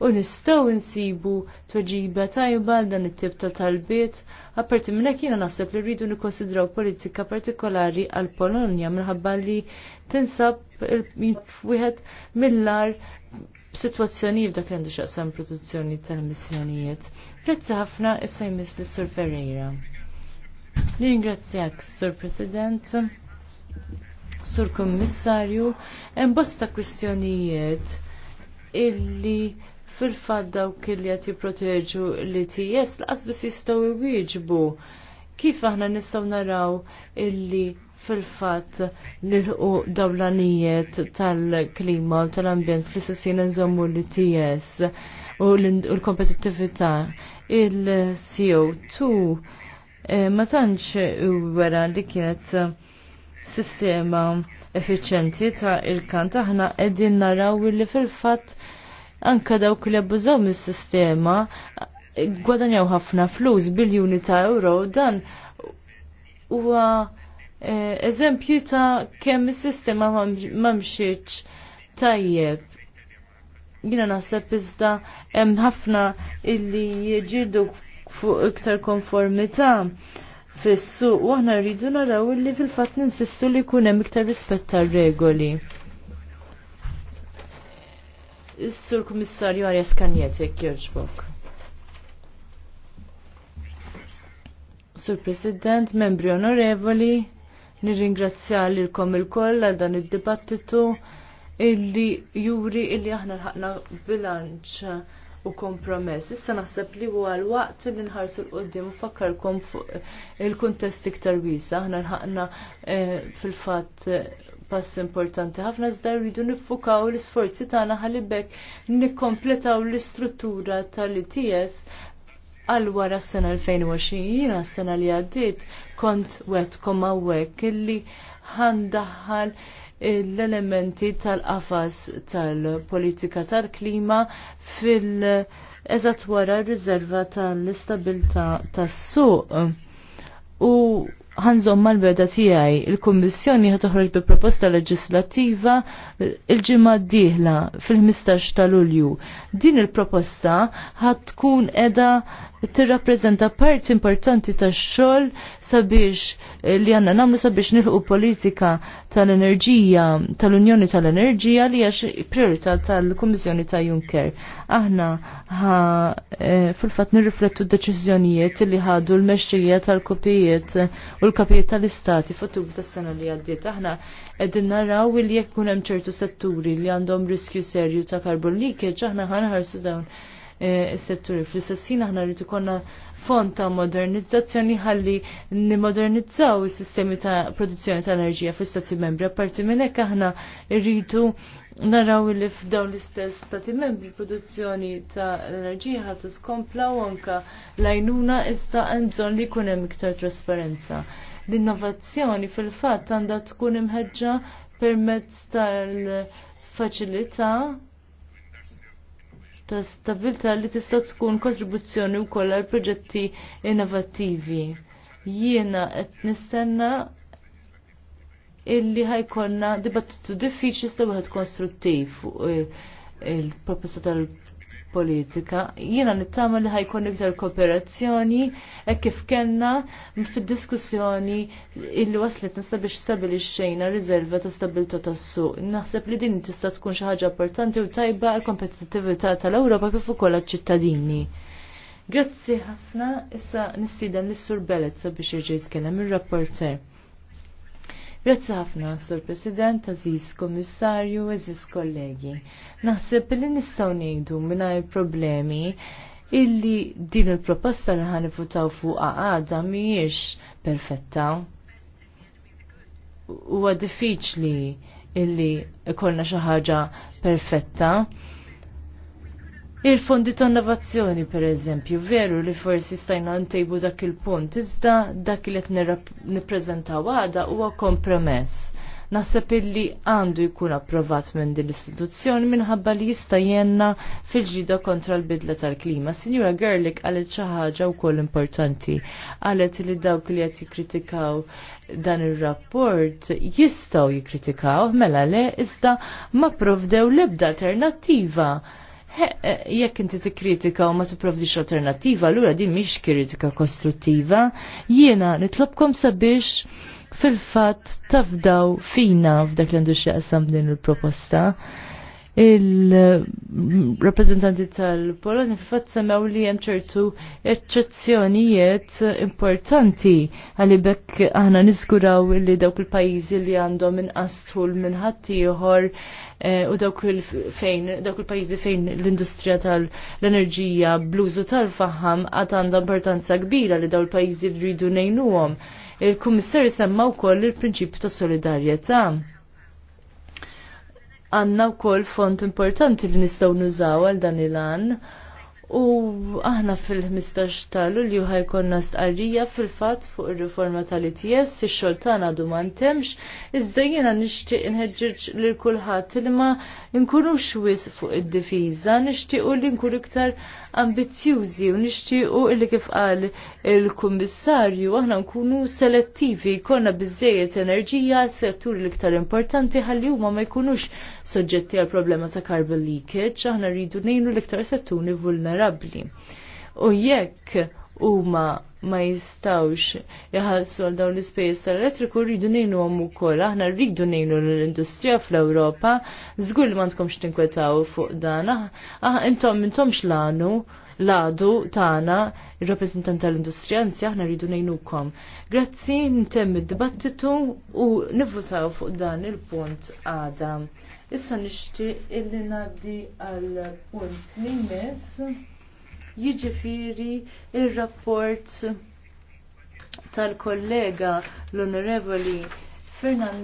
u nistgħu insibu tweġiba tajba għal dan it-tip ta' talbiet. Apparti minn hekk jiena naħseb li rridu nikkonsidraw politika partikolari għal Polonja minħabba li tinsab wieħed mill-ar situazzjoni f'dak li għandu xaqsam produzzjoni tal-missjonijiet. Grazzi ħafna issa jmiss lis sur Ferreira. Ringrazzjak, Sur President sur kommissarju, hemm bosta kwistjonijiet illi fil-fatt dawk illi qed jipproteġu l-ITS laqas biss jistgħu jwieġbu kif aħna nistgħu naraw illi fil-fat nilħu dawlanijiet tal-klima u tal-ambjent fl-istessin nżommu l-TS u l-kompetittività il-CO2 eh, ma tantx wera li kienet sistema efficienti ta' il-kant aħna qegħdin naraw li fil-fatt anka dawk li abbużaw mis-sistema eh, gwadanjaw ħafna flus biljuni ta' euro dan huwa eh, eżempju ta' kemm is-sistema ma tajjeb jina naħseb iżda hemm ħafna illi jiġidu fuq iktar konformità fissu u aħna rridu naraw li fil-fatt ninsistu li jkun hemm iktar rispett tar-regoli. Is-Sur Kummissarju għarja Skanjet jekk jogħġbok. Sur President, membri onorevoli, nirringrazzja lilkom il-koll għal dan id-dibattitu illi juri illi aħna l-ħakna bilanċ u kompromess. Issa naħseb li huwa għal waqt li nħarsu l-qoddim u fakkarkom fuq eh, il kontest iktar wiesa. Aħna nħaqna eh, fil-fatt eh, pass importanti ħafna iżda rridu niffukaw l-isforzi tagħna ħalibek nikkompletaw l-istruttura tal-ITS għal wara s-sena 2020, s-sena li għaddit, kont wet kom wek, illi ħandaħħal l-elementi tal-qafas tal-politika tal-klima fil- eżat wara r-riserva tal-istabilta tas-suq. U ħanżom mal-beda tiegħi il-Kummissjoni ħad toħroġ bi proposta leġislattiva il-ġimgħa d-dieħla fil-15 ta' Lulju. Din il-proposta ħad tkun qiegħda tirrappreżenta part importanti tax-xogħol sabiex eh, li għandna nagħmlu sabiex nilħu politika tal-enerġija tal-Unjoni tal-Enerġija li għax priorità tal-Kummissjoni ta' Juncker. Aħna E, fil-fat nirriflettu d-deċizjonijiet li ħadu l-mexxija tal-kopijiet u l-kapijiet tal-istati fotub tas-sena li għaddiet. Aħna qegħdin naraw li jekk kun hemm ċertu setturi li għandhom riskju serju ta' carbon leakage aħna ħanħarsu dawn e, is-setturi. Fl-istessin aħna rrid konna fond ta' modernizzazzjoni ħalli nimodernizzaw is-sistemi ta' produzzjoni ta' enerġija fl-istati membri. Apparti minn hekk aħna rridu naraw li f'dawn l-istess stati membri produzzjoni ta' enerġija ħadd skompla u anke lajnuna issa hemm bżonn li jkun hemm iktar trasparenza. L-innovazzjoni fil-fatt għandha tkun imħeġġa permezz tal-faċilità ta' stabilta li tista' tkun kontribuzzjoni wkoll għal proġetti innovattivi. Jiena qed nistenna illi ħajkonna dibattitu diffiċli sta wieħed konstruttiv eh, il-proposta tal-politika. Jiena nittama li ħajkun iktar kooperazzjoni e kif kellna fid-diskussjoni illi waslet nista biex stabilixxejna riserva ta' stabilta tas-suq. Naħseb li din tista' tkun xi ħaġa importanti u tajba l kompetittività tal-Ewropa kif ukoll għaċ-ċittadini. Grazzi ħafna, issa nistieden lis-Sur Bellet sabiex irġi jitkellem ir-rapporter. Grazzi ħafna, Sur President, Aziz Komissarju, Aziz Kollegi. Naħseb li nistgħu ngħidu mingħajr problemi illi din il-proposta li ħan votaw fuq għada mhijiex perfetta. Huwa diffiċli illi ikollna xi ħaġa perfetta Il-fondi ta' innovazzjoni, per eżempju, veru li forsi stajna ntejbu dak il-punt, iżda dak li qed nippreżentaw għada huwa kompromess. Naħseb illi għandu jkun approvat minn din l-istituzzjoni minħabba li jista' jenna fil-ġida kontra l-bidla tal-klima. Sinjura Gerlik qalet xi ħaġa wkoll importanti. Qalet li dawk li qed jikkritikaw dan il-rapport jistaw jikritikaw mela le iżda ma provdew lebda alternattiva Eh, eh, jekk inti tikkritika u ma tipprovdix alternattiva, allura din mhix kritika kostruttiva. Jiena nitlobkom sabiex fil-fatt tafdaw fina f'dak l-industri qasam din il-proposta il reprezentanti tal polonia fil-fat semmew li hemm ċertu eċċezzjonijiet importanti għalli bekk aħna niskuraw li dawk il-pajjiżi li għandhom inqas tħul minn ħadd ieħor eh, u dawk il-fejn dawk il-pajjiżi fejn l-industrija tal-enerġija bluzu tal faham għad għandha importanza kbira li dawn il-pajjiżi rridu ngħinuhom. Il-Kummissarju semma wkoll il-prinċipju ta' solidarjetà għanna wkoll font importanti li nistgħu nużaw għal dan il-għan. U aħna fil-15 talu li juħaj konna stqarrija fil-fat fuq ir-riforma tal-ITS, si xogħol tagħna għadu ma ntemx, iżda jiena nixtieq inħeġġeġ lil kulħadd li ma nkunux xwis fuq id-difiża, nixtiequ li nkunu iktar ambizjużi u nixtiequ illi kif qal il-kummissarju aħna nkunu selettivi, konna biżejjed enerġija setturi l-iktar importanti ħalli huma ma jkunux soġġetti għal problema ta' carbon leakage, aħna rridu ngħinu l-iktar setturi vulnerabbli. U jekk huma ma jistawx jħallsu għal dawn l-ispejjeż tal-elettriku rridu ngħinu hemm ukoll. Aħna rridu ngħinu l-industrija fl-Ewropa, żgur li mandkom tinkwetaw fuq dan. Aħ ah, ah, intom intomx lanu ladu tagħna il rappreżentant tal-industrija, anzi aħna rridu kom. Grazzi ntemm id-dibattitu u nivvutaw fuq dan il-punt għada. Issa nixtieq illi ngħaddi għal punt li mess jiġifieri il rapport tal-kollega l-Onorevoli Fernando.